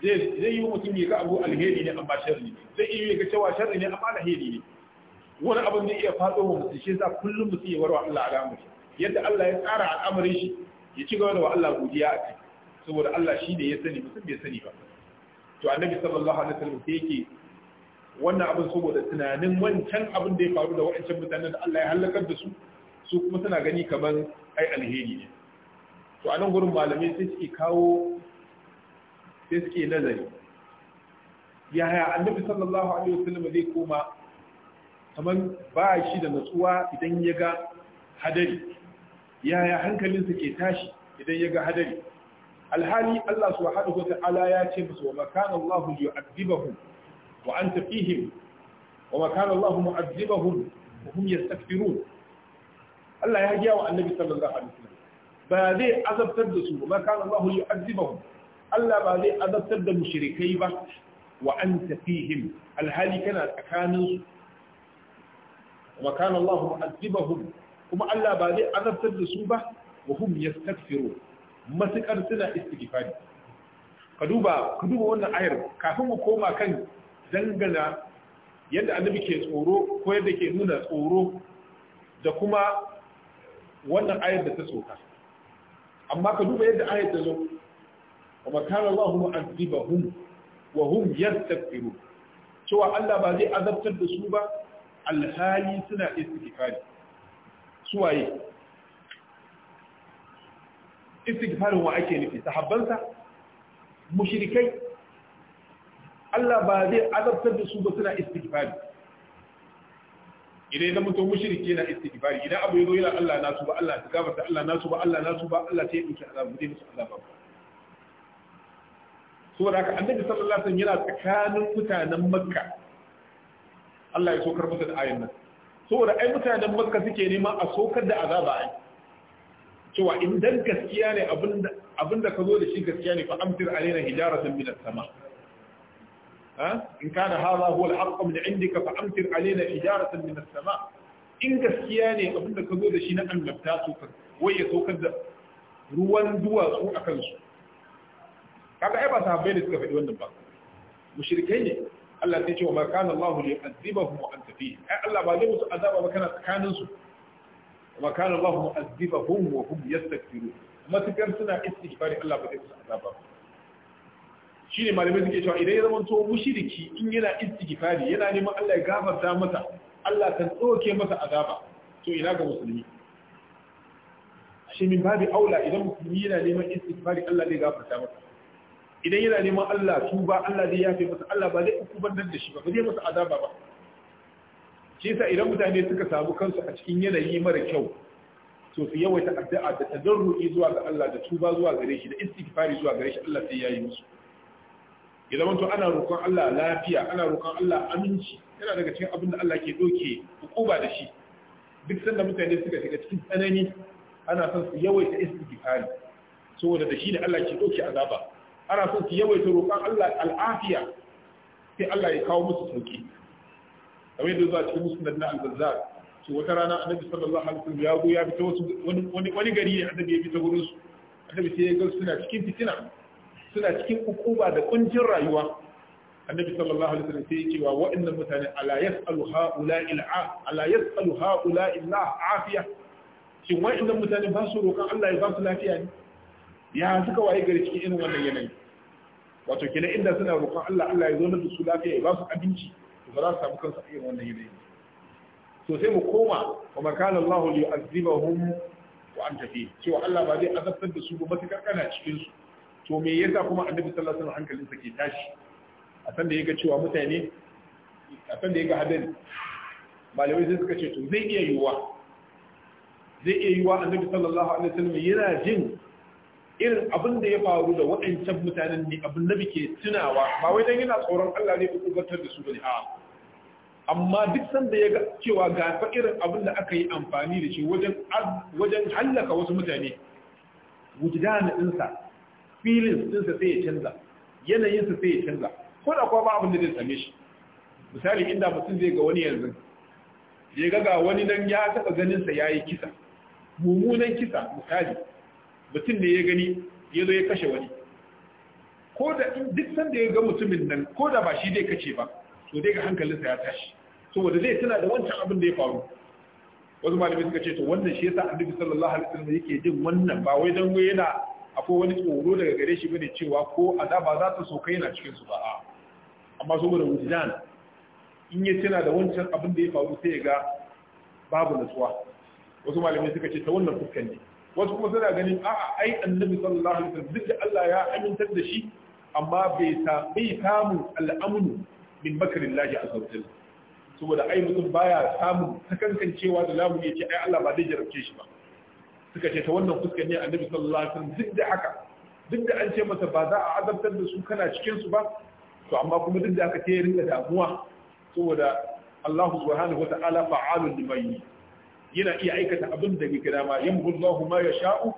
zai yi mutum ya ga abu alheri ne amma sharri ne zai iya ga cewa sharri ne amma alheri ne wani abin zai iya faɗo wa mutum shi za kullum mutum ya warwa Allah al'amari yadda Allah ya tsara al'amarin shi ya ci gaba da wa Allah godiya a kai saboda Allah shi ne ya sani ba, sun bai sani ba to annabi sallallahu alaihi wasallam sai yake wannan abin saboda tunanin wancan abin da ya faru da wancan mutanen da Allah ya halakar da su su kuma suna gani kamar ai alheri ne to a nan gurin malamai sai suke kawo sai suke nazari yaya annabi sallallahu alaihi wasallam zai koma kamar ba shi da natsuwa idan ya ga hadari yaya hankalinsa ke tashi idan ya ga hadari alhali Allah subhanahu wata'ala ya ce musu wa makana Allah yu'adhibahum wa anta fihim wa makana Allah mu'adhibahum wa hum yastaghfirun Allah ya ga wa annabi sallallahu alaihi wasallam ba zai azabtar da su ba kana Allah yu'adhibahum Allah ba zai azabtar da mushrikai ba wa anta fihim alhali kana tsakanin su wa kana Allah mu'adhibahum kuma Allah ba zai azabtar da su ba wa hum yastaghfiru matukar suna istighfari ka duba ka duba wannan ayar kafin mu koma kan dangana yadda annabi ke tsoro ko yadda ke nuna tsoro da kuma wannan ayar da ta soka amma ka duba yadda ayar ta zo wa makana Allahu mu'azzibahum wa hum yastaghfirun cewa Allah ba zai azabtar da su ba alhali suna istighfari suwaye istighfarin wa ake nufi sahabbansa mushrikai Allah ba zai azabtar da su ba suna istighfari idan zama mutum mushriki yana istighfari idan abu yazo yana Allah nasu ba Allah ta gafarta Allah nasu ba Allah nasu ba Allah sai ya dauki azabu dai musu azaba da haka annabi sallallahu alaihi wasallam yana tsakanin mutanen makka Allah ya so karbata da ayan nan saboda ai mutanen makka suke nema a sokar da azaba ai cewa dan gaskiya ne abinda ka zo da shi gaskiya ne fa amtir alaina hijaratan min as-sama ha in kana hadha huwa al-haqq min indika fa amtir alaina hijaratan min as-sama in gaskiya ne abinda ka zo da shi na annabta to ka waye saukar da ruwan duwatsu akan su kaga ai ba sahabbai ne suka faɗi wannan ba mushrikai ne Allah sai ce wa ma kana Allah li yu'adhibahum wa anta fihi ai Allah ba zai musu azaba ba kana tsakanin su wa kana Allah mu'adhibahum wa hum yastaghfirun matukar suna istighfari Allah ba zai musu azaba ba shine malamai suke cewa idan ya zama to mushriki in yana istighfari yana neman Allah ya gafarta mata. Allah ta tsoke masa azaba to ina ga musulmi shi min babu aula idan musulmi yana neman istighfari Allah zai gafarta mata. idan yana neman Allah tuba Allah zai yafe masa Allah ba zai bandar da shi ba zai masa azaba ba shi yasa idan mutane suka samu kansu a cikin yanayi mara kyau to su yawaita addu'a da tadarru'i zuwa ga Allah da tuba zuwa gare shi da istighfari zuwa gare shi Allah sai yayi musu idan zama to ana roƙon Allah lafiya ana roƙon Allah aminci yana daga cikin abin da Allah ke doke hukuma da shi duk sanda mutane suka shiga cikin tsanani ana son su yawaita istighfari saboda da shi ne Allah ke doke azaba ana so su yawaita roƙon Allah al'afiya sai Allah ya kawo musu sauki kamar yadda zuwa cikin musnad na al-bazzar wata rana annabi sallallahu alaihi wasallam ya go ya fita wasu wani wani gari ne annabi ya fita gurin su annabi sai ya ga suna cikin fitina suna cikin ukuba da kuncin rayuwa annabi sallallahu alaihi wasallam sai ya ce wa wa'annan mutane ala yasalu ha'ula'i al'a ala yasalu ha'ula'i Allah afiya shin wa'annan mutane ba su roƙon Allah ya ba su lafiya ne ya suka waye gari cikin irin wannan yanayi wato kenan inda suna roƙon Allah Allah ya zo da su lafiya ya ba su abinci ba za su samu kansu a irin wannan yanayi to sai mu koma wa makana Allah li azibahum wa anta fi cewa Allah ba zai azabtar da su ba matakar kana cikin su to me yasa kuma Annabi sallallahu alaihi wasallam hankalinsa ke tashi a san da yaga cewa mutane a san da yaga hadari malamai sai suka ce to zai iya yiwuwa zai iya yiwuwa Annabi sallallahu alaihi wasallam yana jin irin abin da ya faru da waɗancan mutanen ne abin da muke tunawa ba wai don yana tsoron Allah ne ko gabatar da su ne, a amma duk sanda ya ga cewa ga fa irin abin da aka yi amfani da shi wajen wajen hallaka wasu mutane wujdan insa feelings sa sai ya canza yanayinsa sai ya canza ko da kuwa ba abin da zai same shi misali inda mutum zai ga wani yanzu ya ga ga wani nan ya taɓa ganin sa yayi kisa mummunan kisa misali mutum ne ya gani ya zo ya kashe wani ko da duk sanda ya ga mutumin nan ko da ba shi zai kace ba to dai ga hankalinsa ya tashi saboda zai tuna da wancan abin da ya faru wasu malamai suka ce to wannan shi yasa annabi sallallahu alaihi wasallam yake jin wannan ba wai dan wai yana akwai wani tsoro daga gare shi bane cewa ko azaba za ta soka yana cikin su ba a amma saboda wujudan in ya tuna da wancan abin da ya faru sai ya ga babu nutsuwa wasu malamai suka ce ta wannan fuskan ne wasu kuma suna ganin a'a ai annabi sallallahu alaihi wasallam duk da Allah ya amintar da shi amma bai ta bai samu al'amun min makrillahi azza wa jalla saboda ai mutum baya samun sakankancewa da lamu ya ce ai Allah ba zai jarabce shi ba suka ce ta wannan fuskar ne annabi sallallahu alaihi wasallam duk da haka duk da an ce masa ba za a azabtar da su kana cikin su ba to amma kuma duk da aka ce rinka damuwa saboda Allah subhanahu wa ta'ala fa'alun limayyi yana iya aikata abin da yake ma yamhu Allahu ma yasha'u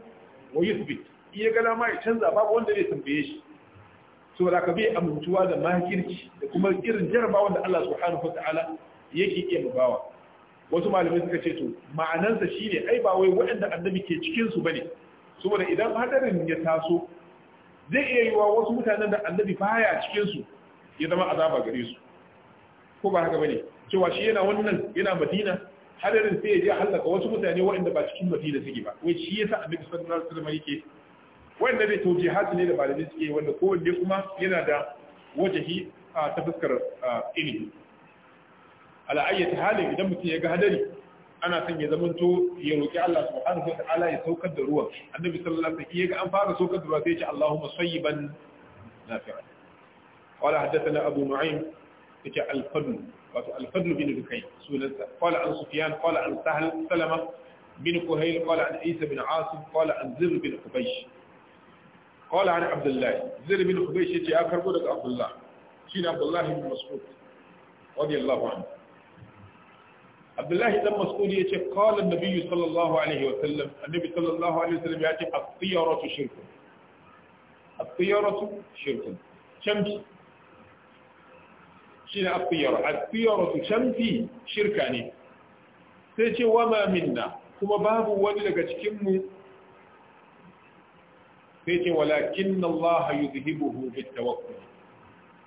wa yuthbit iya ga dama ya canza babu wanda zai tambaye shi da ka bai amintuwa da makirci da kuma irin jarabawan da Allah subhanahu ta'ala yake iya mabawa wasu malamai suka ce to ma'anansa shine ai ba wai waɗanda annabi ke cikinsu su bane saboda idan hadarin ya taso zai iya yiwa wasu mutanen da annabi baya cikin su ya zama azaba gare su ko ba haka bane cewa shi yana wannan yana Madina hadarin sai ya je halaka wasu mutane waɗanda ba cikin madina suke ba wai shi yasa annabi sallallahu alaihi wasallam yake wanda dai to jihad ne da malami suke wanda ko kowanne kuma yana da wajahi ta fuskar ilimi ala ayyati halin idan mutum ya ga hadari ana son ya zamanto ya roki Allah subhanahu wataala ya saukar da ruwa annabi sallallahu alaihi wasallam ya ga an fara saukar da ruwa sai ya ce Allahumma sayyiban nafi'a qala haddathana abu nu'aym yace al-fadl wato al-fadl bin dukai sunansa qala an sufyan qala an sahl salama bin kuhayl qala an isa bin asim qala an zir bin hubaysh qala an abdullah zir bin hubaysh yace ya karbo daga abdullah shine abdullah bin mas'ud radiyallahu anhu abdullah dan mas'ud yace qala an-nabi sallallahu alaihi wa sallam annabi sallallahu alaihi wa sallam yace at-tiyaratu shirkun at-tiyaratu shirkun shamsi shine afiyar afiyar su shamsi shirka ne sai ce wama ma minna kuma babu wani daga cikin mu sai ce walakin Allah yuzhibuhu bit tawakkul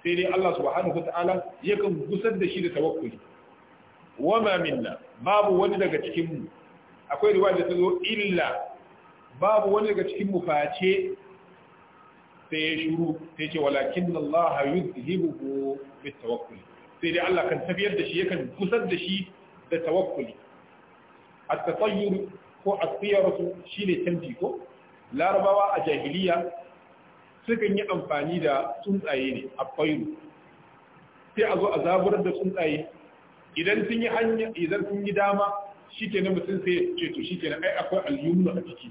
sai dai Allah subhanahu wataala yakan gusar da shi da tawakkuli wa ma minna babu wani daga cikin mu akwai riwaya da ta zo illa babu wani daga cikin mu face sai ya shuru sai ce walakin Allah yuzhibuhu bit tawakkul sai dai Allah kan tafiyar da shi yakan kusar da shi da tawakkuli at-tatayyur ko at-tiyaratu shine canji ko larabawa a jahiliya sukan yi amfani da tsuntsaye ne a fayu sai a zo a zaburar da tsuntsaye idan sun yi hanya idan sun yi dama shikenan mutum sai ya ce to shi na ai akwai al-yumnu a ciki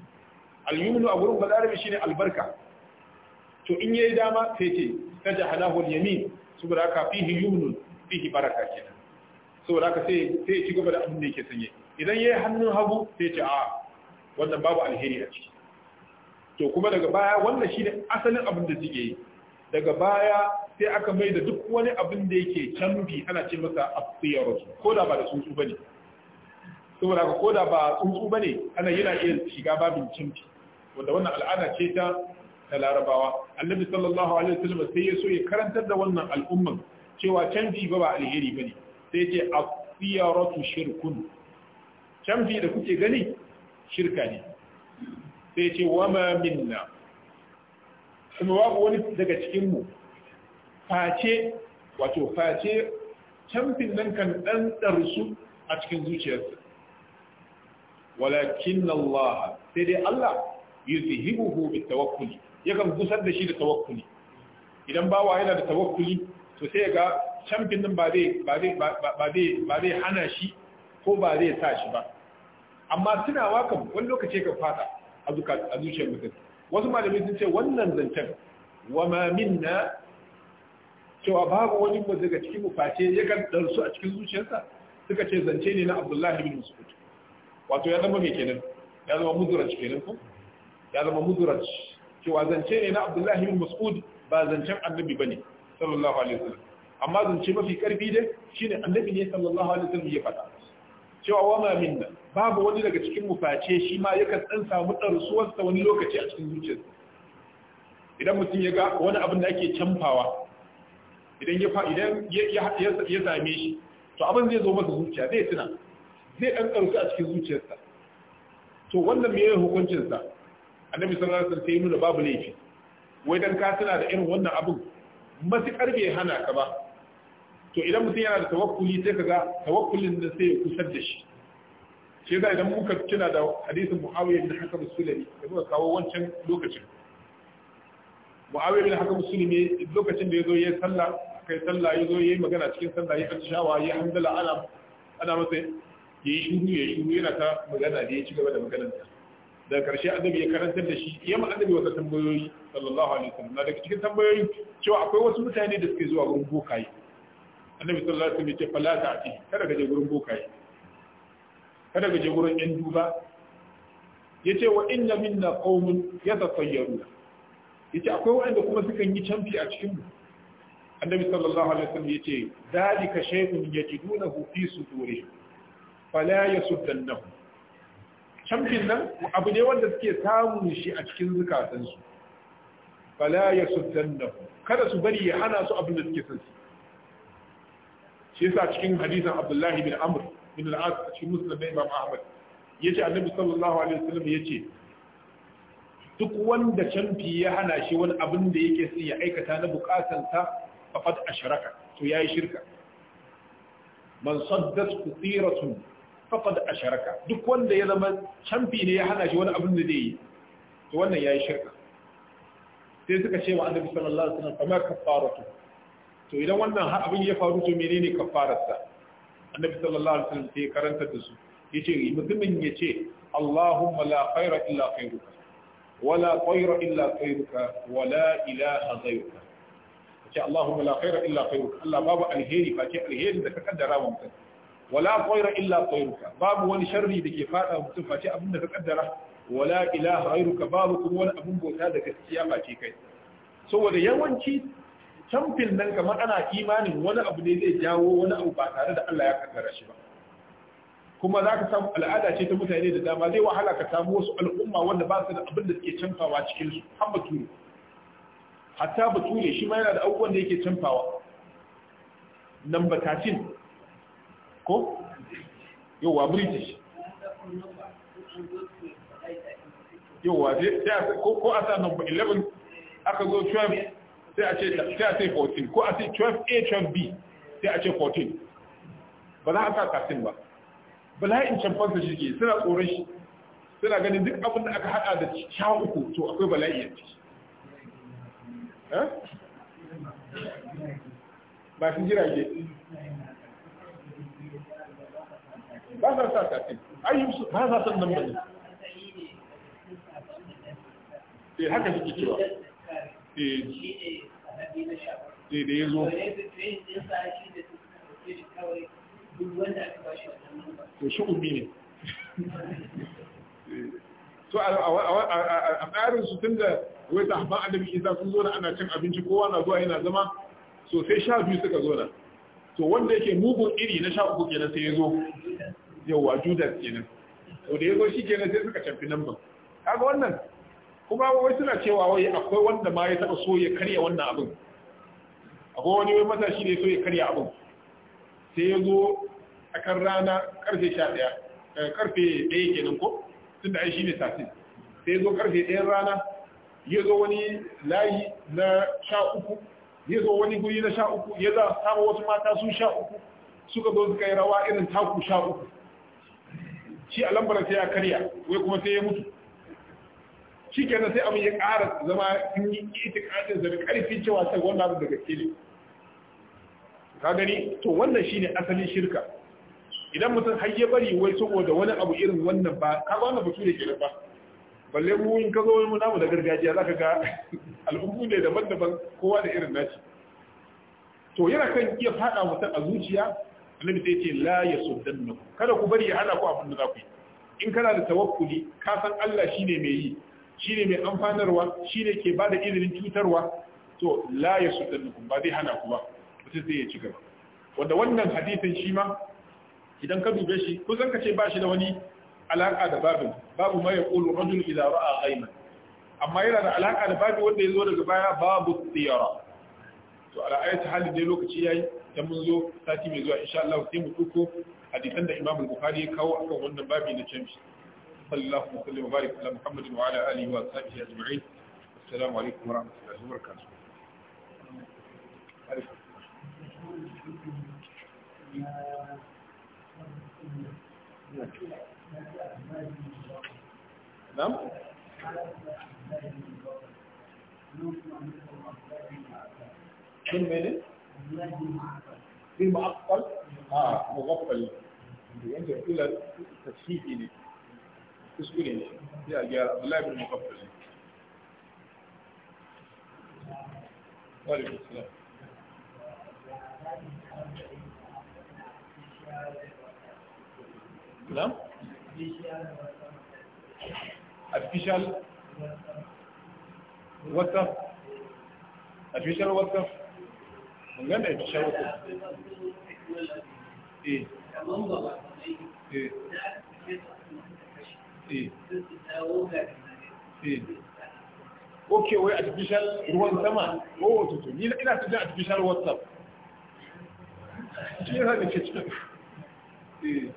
al-yumnu a gurin balarabi ne albarka to in yayi dama sai ce kaja halahu yamin saboda haka fihi yumnun fihi baraka kenan saboda haka sai sai ci gaba da abin da yake sanye idan yayi hannun hagu sai ce a wannan babu alheri a ciki to kuma daga baya wannan shine asalin abin da suke yi daga baya sai aka mai da duk wani abin da yake canfi ana ce masa su, ko da ba da tsuntsu bane saboda haka ko da ba tsuntsu bane ana yana iya shiga babin canfi wanda wannan al'ada ce ta ta larabawa annabi sallallahu alaihi wasallam sai ya so ya karantar da wannan al'umman cewa canfi ba ba alheri bane sai ce asiyaratu shirkun canfi da kuke gani shirka ne sai ce wama minna kuma babu wani daga cikin mu face wato face canfin nan kan dan darsu a cikin zuciyarsa walakin Allah sai dai Allah yuzhibuhu bitawakkuli yakan gusar da shi da tawakkuli idan bawa yana da tawakkuli to sai ga camfin din ba zai ba zai ba zai hana shi ko ba zai sa shi ba amma tunawa kan wani lokaci kan fata a zuciyar mutum wasu malamai sun ce wannan zancen wa ma minna cewa babu wani mu daga cikin mu face yakan darsu a cikin zuciyarsa suka ce zance ne na Abdullahi bin Mas'ud wato ya zama mai kenan ya zama muzuraj kenan ko ya zama muzuraj cewa zance ne na abdullahi bin mas'ud ba zancen annabi bane sallallahu alaihi wasallam amma zance mafi karfi dai shine annabi ne sallallahu alaihi wasallam ya fada cewa wa ma minna babu wani daga cikin mu face shi ma ya dan samu tsarsuwar sa wani lokaci a cikin zuciyarsa idan mutum ya ga wani abin da ake canfawa idan ya fa idan ya same shi to abin zai zo masa zuciya zai tuna zai dan tsarsu a cikin zuciyarsa to wannan me hukuncin sa annabi sallallahu alaihi wasallam sai nuna babu laifi wai dan ka tana da irin wannan abin masu bai hana ka ba to idan mutum yana da tawakkuli sai kaga tawakkulin da sai ya kusar da shi shi yasa idan muka tuna da hadisin Muawiya bin Hakam Sulami da muka kawo wancan lokacin Muawiya bin Hakam Sulami lokacin da yazo yayin sallah kai sallah yazo yayin magana cikin sallah yayin atishawa yayin hamdala ana ana ya yi shuru yayi shuru, yana ta magana da ya ci gaba da maganar Daga karshe annabi ya karantar da shi yamma annabi wasu tambayoyi sallallahu alaihi wasallam na daga cikin tambayoyin cewa akwai wasu mutane da suke zuwa gurin bokaye annabi sallallahu alaihi wasallam ya ce fala ta'ti kada ka je gurin bokaye kada ka je gurin yan duba yace wa inna minna qaumun yatafayyaruna yace akwai wanda kuma sukan yi canfi a cikin mu annabi sallallahu alaihi wasallam yace dalika shay'un yajidunahu fi sudurihim fala yasuddannahu camfin nan abu ne wanda suke samun shi a cikin zukatansu fala ya suddan da kada su bari ya hana su abin da suke son shi yasa cikin hadisan abdullahi bin amr bin al-as a cikin muslim imam ahmad yace annabi sallallahu alaihi wasallam yace duk wanda camfi ya hana shi wani abin da yake son ya aikata na bukatansa a ashraka to ya yi shirka man saddat qatiratun faqad asharaka duk wanda ya zama camfi ne ya hana shi wani abin da zai yi to wannan yayi shirka sai suka ce wa annabi sallallahu alaihi wasallam kamar kafaratu to idan wannan har abin ya faru to menene kafararsa annabi sallallahu alaihi wasallam sai karanta da su yace mutumin yace Allahumma la khaira illa khairuka wala khayra illa khayruka wala ilaha ghayruka ce Allahumma la khaira illa khayruka Allah babu alheri fa ce Alheri da ka kaddara wa mutum wala khayra illa khayruka babu wani sharri da ke fada mutum face abin da ka kaddara wala ilaha ghayruka babu kuma wani abin bauta da gaskiya face kai saboda yawanci tamfil nan kamar ana imanin wani abu ne zai jawo wani abu ba tare da Allah ya kaddara shi ba kuma za ka samu al'ada ce ta mutane da dama zai wahala ka samu wasu al'umma wanda ba su da abin da suke canfawa cikin su har bature hatta bature shi ma yana da abubuwan da yake canfawa number 13 ko yauwa british yauwa ko a sa number 11 aka zo 12 sai a ce 14 ko a ce 12a 12b sai a ce 14 ba za a sa kasin ba bala'in canfansa shi ke suna tsoron shi suna ganin duk abin da aka hada da sha uku to akwai bala'i yanzu eh? ba su jirage ba sa sa kafin ayyub su ba sa san nan bane eh haka suke cewa eh eh da yazo to shi ummi ne eh. to a tsarin su tun da wai sahabban annabi isa sun zo na ana cin abinci kowa na zuwa yana zama sosai sha biyu suka zo na to wanda yake mugun iri na sha uku kenan sai ya zo yawwa judas kenan to da yazo shi kenan sai suka tafi nan ba kaga wannan kuma wai suna cewa wai akwai wanda ma ya taba so ya karya wannan abin akwai wani wai shi ne so ya karya abin sai ya zo a kan rana karfe 11 eh, karfe 1 kenan ko tunda ai shine satin sai ya zo karfe 1 rana ya zo wani layi na sha uku ya zo wani guri na sha uku ya za samu wasu mata sun sha uku suka zo suka yi rawa irin taku sha uku shi a lambar sai ya karya wai kuma sai ya mutu shi kenan sai abin ya ƙara zama in yi itikadin zai ƙarfi cewa sai wannan abin da gaske ne ka gani to wannan shine asalin shirka idan mutum har ya bari wai saboda wani abu irin wannan ba ka ga wannan da ke ba balle mu in ka zo mu namu da gargajiya ka ga al'ummu ne daban-daban kowa da irin nashi to yana kan iya fada mutum a zuciya annabi sai ce la yasuddannakum kada ku bari ya hana ku abin da za ku yi in kana da tawakkuli ka san Allah shine mai yi shine mai amfanarwa shine ke ba da izinin cutarwa to la yasuddukum ba zai hana ku ba mutum zai ci gaba wanda wannan hadisin shi ma idan ka dube shi ko zan ka ce ba shi da wani alaka da babin babu mai yaqulu rajul idza ra'a ghaiman amma yana da alaka da babu wanda ya zo daga baya babu tiyara to ala ayati halin dai lokaci yayi dan mun zo sati mai zuwa insha Allah sai mu duko hadisan da Imam Bukhari ya kawo akan wannan babi na canji sallallahu alaihi wa sallam barik ala Muhammad wa ala alihi wa sahbihi ajma'in assalamu alaikum wa rahmatullahi wa barakatuh نعم كلمة ليه؟ المعقل a mugaffal da yanzu kula tashihi ne kuskure ne sai a gyara Abdullahi bin mugaffal ne Wa'alaikum salam. نعم official WhatsApp official WhatsApp من وين official WhatsApp ايه ايه ايه ايه اوكي وهي artificial ruwan sama ko tutu ni ina tuta artificial whatsapp shi ne ke cikin eh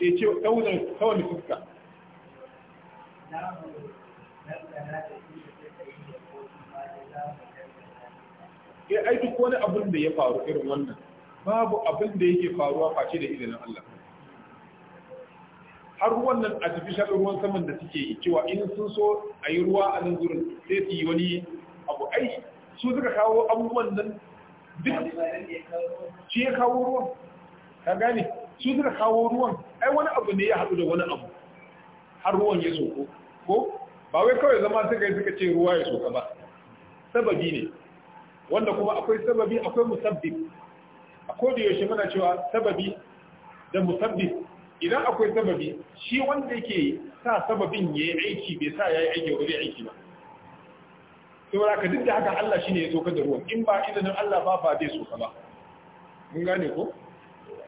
eh ce kawai kawai fuska eh ai duk wani abin da ya faru irin wannan babu abin da yake faruwa face da izinin Allah har wannan artificial ruwan saman da suke yi cewa in sun so a yi ruwa a nan gurin sai su yi wani abu ai su suka kawo abubuwan nan duk shi ya kawo ruwan ka gane su suka kawo ruwan ai wani abu ne ya haɗu da wani abu har ruwan ya soko ko ba wai kawai zama suka yi suka ce ruwa ya soka ba sababi ne wanda kuma akwai sababi akwai musabbib a da yaushe muna cewa sababi da musabbib idan akwai sababi shi wanda yake sa sababin ya yi aiki bai sa ya yi aiki ba zai aiki ba saboda ka duk da haka Allah shi ne ya soka da ruwan in ba izinin Allah ba ba zai soka ba mun gane ko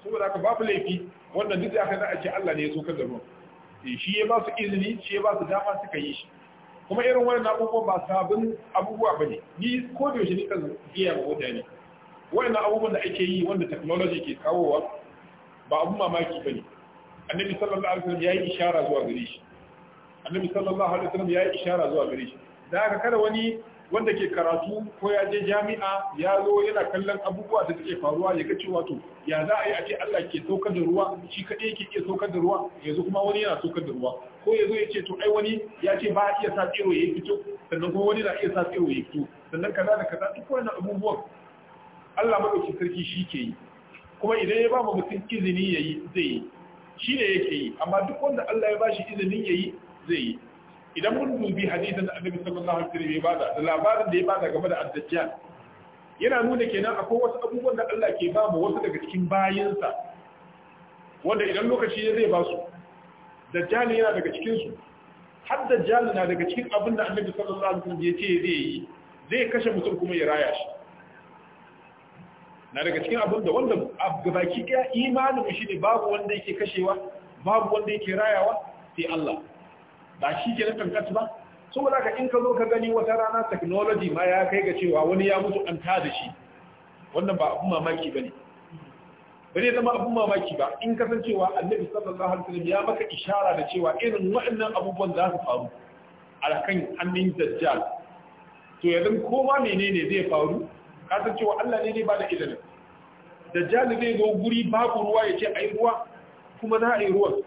saboda ka babu laifi wannan duk da haka za a ce Allah ne ya soka da ruwan eh, shi ya ba su izini shi ya ba su dama suka yi shi kuma irin wani abubuwan ba sabon abubuwa ba ne ni ko da yaushe kan iya ma mutane wannan abubuwan da ake yi wanda technology ke kawowa ba abun mamaki ba ne annabi sallallahu alaihi wasallam yayi ishara zuwa gare shi annabi sallallahu alaihi wasallam yayi ishara zuwa gare shi da haka kada wani wanda ke karatu ko ya je jami'a ya zo yana kallon abubuwa da suke faruwa ya ga cewa to ya za a yi a ce Allah ke saukar da ruwa shi kaɗai yake iya saukar da ruwa yanzu kuma wani yana saukar da ruwa ko ya zo ya ce to ai wani ya ce ba a iya sa tsiro ya fito sannan kuma wani na iya sa tsiro ya fito sannan kaza da kaza duk wannan abubuwan Allah madauki sarki shi ke yi kuma idan ya ba mu mutum izini ya yi zai yi shi ne yake yi amma duk wanda Allah ya ba shi izinin ya yi zai yi idan mun dubi hadisin da annabi sallallahu alaihi wasallam ya bada da labarin da ya bada game da addajjal yana nuna kenan akwai wasu abubuwan da Allah ke ba mu wasu daga cikin bayinsa wanda idan lokaci ya zai ba su dajjal yana daga cikin su har dajjal na daga cikin abin da annabi sallallahu alaihi wasallam ya ce zai yi zai kashe mutum kuma ya raya shi na daga cikin abin da wanda gabaki ɗaya imanin shi ne babu wanda yake kashewa babu wanda yake rayawa sai Allah ba shi ke na kankasu ba saboda ka in ka zo ka gani wata rana technology ma ya kai ga cewa wani ya mutu an ta da shi wannan ba abun mamaki ba ne ba ne zama abin mamaki ba in ka san cewa annabi sallallahu alaihi wasallam ya maka ishara da cewa irin waɗannan abubuwan za su faru a kan hannun dajjal to yanzu ko ma menene zai faru ka san cewa Allah ne ne ba da izinin dajjal zai zo guri babu ruwa ya ce ai ruwa kuma za a yi ruwan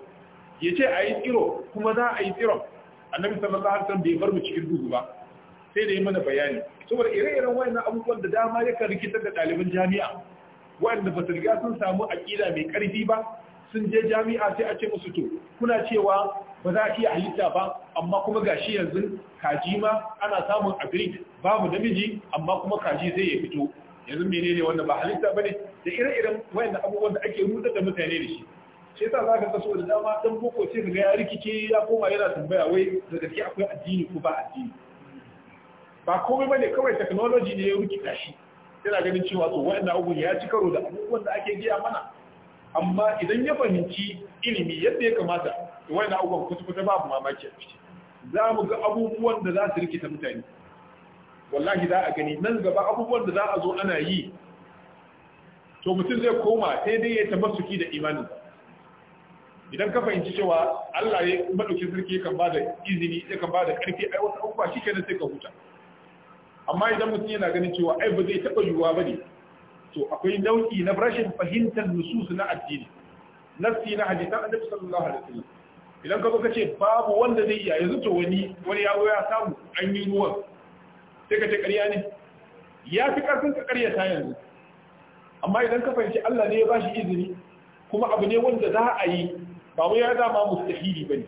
ya ce a yi tsiro kuma za a yi tsiron annabi sallallahu alaihi wasallam bai bar mu cikin duhu ba sai da yi mana bayani saboda ire-iren wayannan abubuwan da dama ya kan rikitar da ɗaliban jami'a wayanda ba su riga sun samu aƙida mai ƙarfi ba sun je jami'a sai a ce musu to kuna cewa ba za a iya halitta ba amma kuma gashi yanzu kaji ma ana samun agri babu namiji amma kuma kaji zai ya fito yanzu menene wanda ba halitta bane da ire-iren wayannan abubuwan da ake rudar da mutane da shi shi yasa zaka kaso da dama dan boko ce ga ya rikice ya koma yana tambaya wai da gaske akwai addini ko ba addini ba komai bane kawai technology ne ya rikita shi yana ganin cewa to wa'annan abubuwan ya ci karo da abubuwan da ake giya mana amma idan ya fahimci ilimi yadda ya kamata to wa'annan abubuwan kuta babu mamaki a ciki za mu ga abubuwan da za su rikita mutane wallahi za a gani nan gaba abubuwan da za a zo ana yi to mutum zai koma sai dai ya tabbasuki da imanin idan ka fahimci cewa Allah ya madauki sarki ya kan ba da izini ya kan ba da karfi ai wasu abubuwa shi kenan sai ka huta amma idan mutum yana ganin cewa ai ba zai taba yiwuwa bane to akwai nau'i na rashin fahimtar nusus na addini nafsi na hadisan annabi sallallahu alaihi wasallam idan ka ka ce babu wanda zai iya yanzu to wani wani ya ya samu an yi ruwan sai ka ce ƙarya ne ya fi ƙarfin ka ƙarya ta yanzu amma idan ka fahimci Allah ne ya ba shi izini kuma abu ne wanda za a yi ba wai ya dama mustahili bane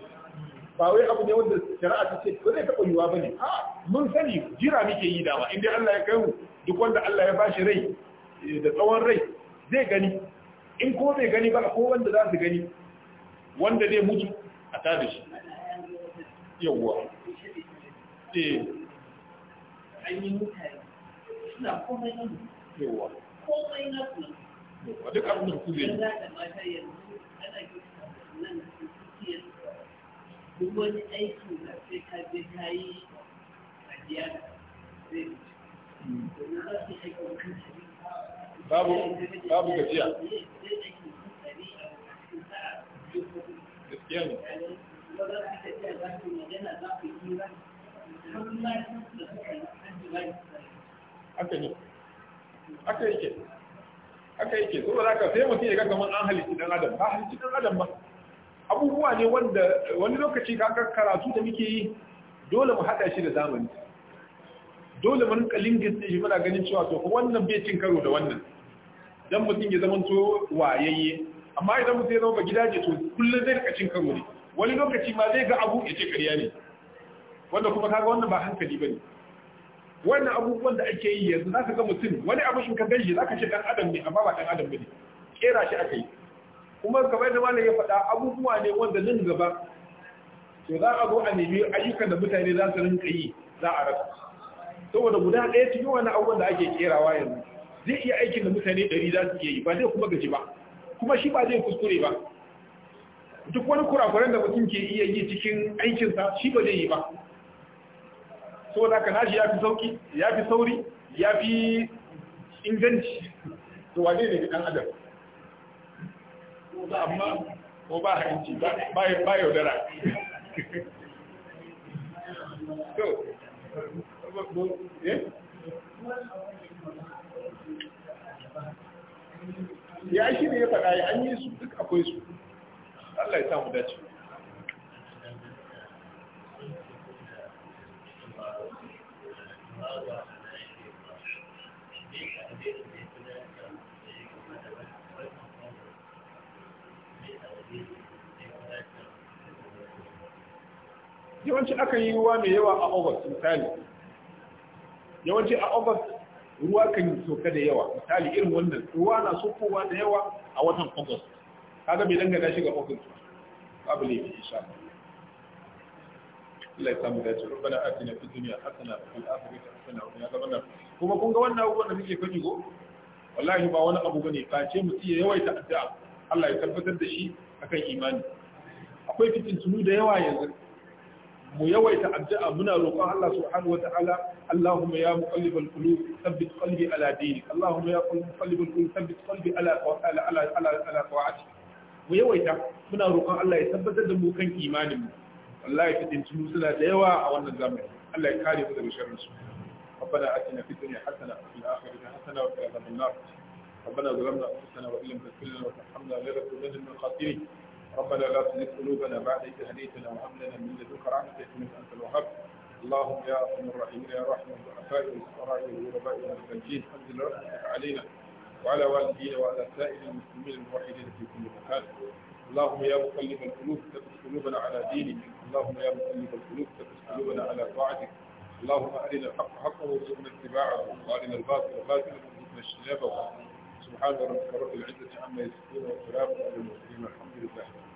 ba wai abu ne wanda shari'a ta ce ba zai taɓa yiwa bane a mun sani jira muke yi dama in Allah ya kai mu duk wanda Allah ya bashi rai eh, da tsawon rai zai gani in ko bai gani ba ko wanda za su gani wanda zai mutu a tada shi yawwa eh suna komai nan yawwa komai duk abin da ku zai duk wani aiki da sai ka je ka yi ajiya zai babu babu gajiya gaskiya ne haka ne haka yake haka yake saboda haka sai mutum ya ga kamar an halitta dan adam ba halitta dan adam ba abubuwa ne wanda wani lokaci kakar karatu da muke yi dole mu haɗa shi da zamani dole mun rinka lingin shi muna ganin cewa to wannan bai cin karo da wannan dan mutum ya zamanto to wayayye amma idan mutum ya zama ba gidaje to kullum zai rika cin karo ne wani lokaci ma zai ga abu ya ce karya ne wanda kuma kaga wannan ba hankali bane wannan abubuwan da ake yi yanzu zaka ga mutum wani abu shin ka za zaka ce dan adam ne amma ba dan adam bane kera shi aka yi kuma kamar da malam ya faɗa abubuwa ne wanda nan gaba to za a zo a nemi ayyukan da mutane za su rinka yi za a rasa saboda guda ɗaya cikin wani abubuwan da ake kerawa yanzu zai iya aikin da mutane ɗari za su iya yi ba zai kuma gaji ba kuma shi ba zai kuskure ba duk wani kurakuren da mutum ke iya yi cikin aikinsa shi ba zai yi ba saboda haka nashi ya fi sauki ya fi sauri ya fi inganci to wane ne ɗan adam amma ko ba hanci ba yaudara to eh? ya shi ne ya faɗa ya an yi su duk akwai su Allah ya samu dace Thank you. yawanci akan yi ruwa mai yawa a august misali yawanci a august ruwa kan yi soka da yawa misali irin wannan ruwa na sokowa da yawa a watan august kaga mai dangana shi ga august babu laifi insha Allah ya samu dace rabbana atina fi dunya hasana wa fil akhirati hasana wa qina adhaban kuma kun ga wannan abubuwan da muke faɗi go wallahi ba wani abu bane face mu iya yawaita addu'a Allah ya tabbatar da shi akan imani akwai fitin tunu da yawa yanzu mu yawaita addu'a muna roƙon Allah subhanahu wataala Allahumma ya muqallibal qulub thabbit qalbi ala dinik Allahumma ya muqallibal qulub thabbit qalbi ala ala ala ala ala ta'ati mu yawaita muna roƙon Allah ya tabbatar da mu kan imanin mu wallahi fitintunu suna da yawa a wannan zamani Allah ya kare mu daga sharrin su ربنا آتنا في الدنيا حسنة وفي الآخرة حسنة وقنا عذاب النار ربنا ظلمنا أنفسنا وإن لم تغفر لنا وترحمنا لنكونن من الخاسرين ربنا لا تزغ قلوبنا بعد إذ هديتنا وهب لنا من لدنك رحمة إنك أنت الوهاب اللهم يا أرحم الراحمين يا رحمة الضعفاء والفقراء والغرباء والمساكين الحمد لله علينا وعلى والدينا وعلى سائر المسلمين الموحدين في كل مكان اللهم يا مقلب القلوب ثبت قلوبنا على دينك اللهم يا مقلب القلوب ثبت قلوبنا على طاعتك اللهم أرنا الحق حقا وارزقنا اتباعه وأرنا الباطل باطلا وارزقنا اجتنابه سبحان ربك رب العزة عما يصفون وسلام على المرسلين الحمد لله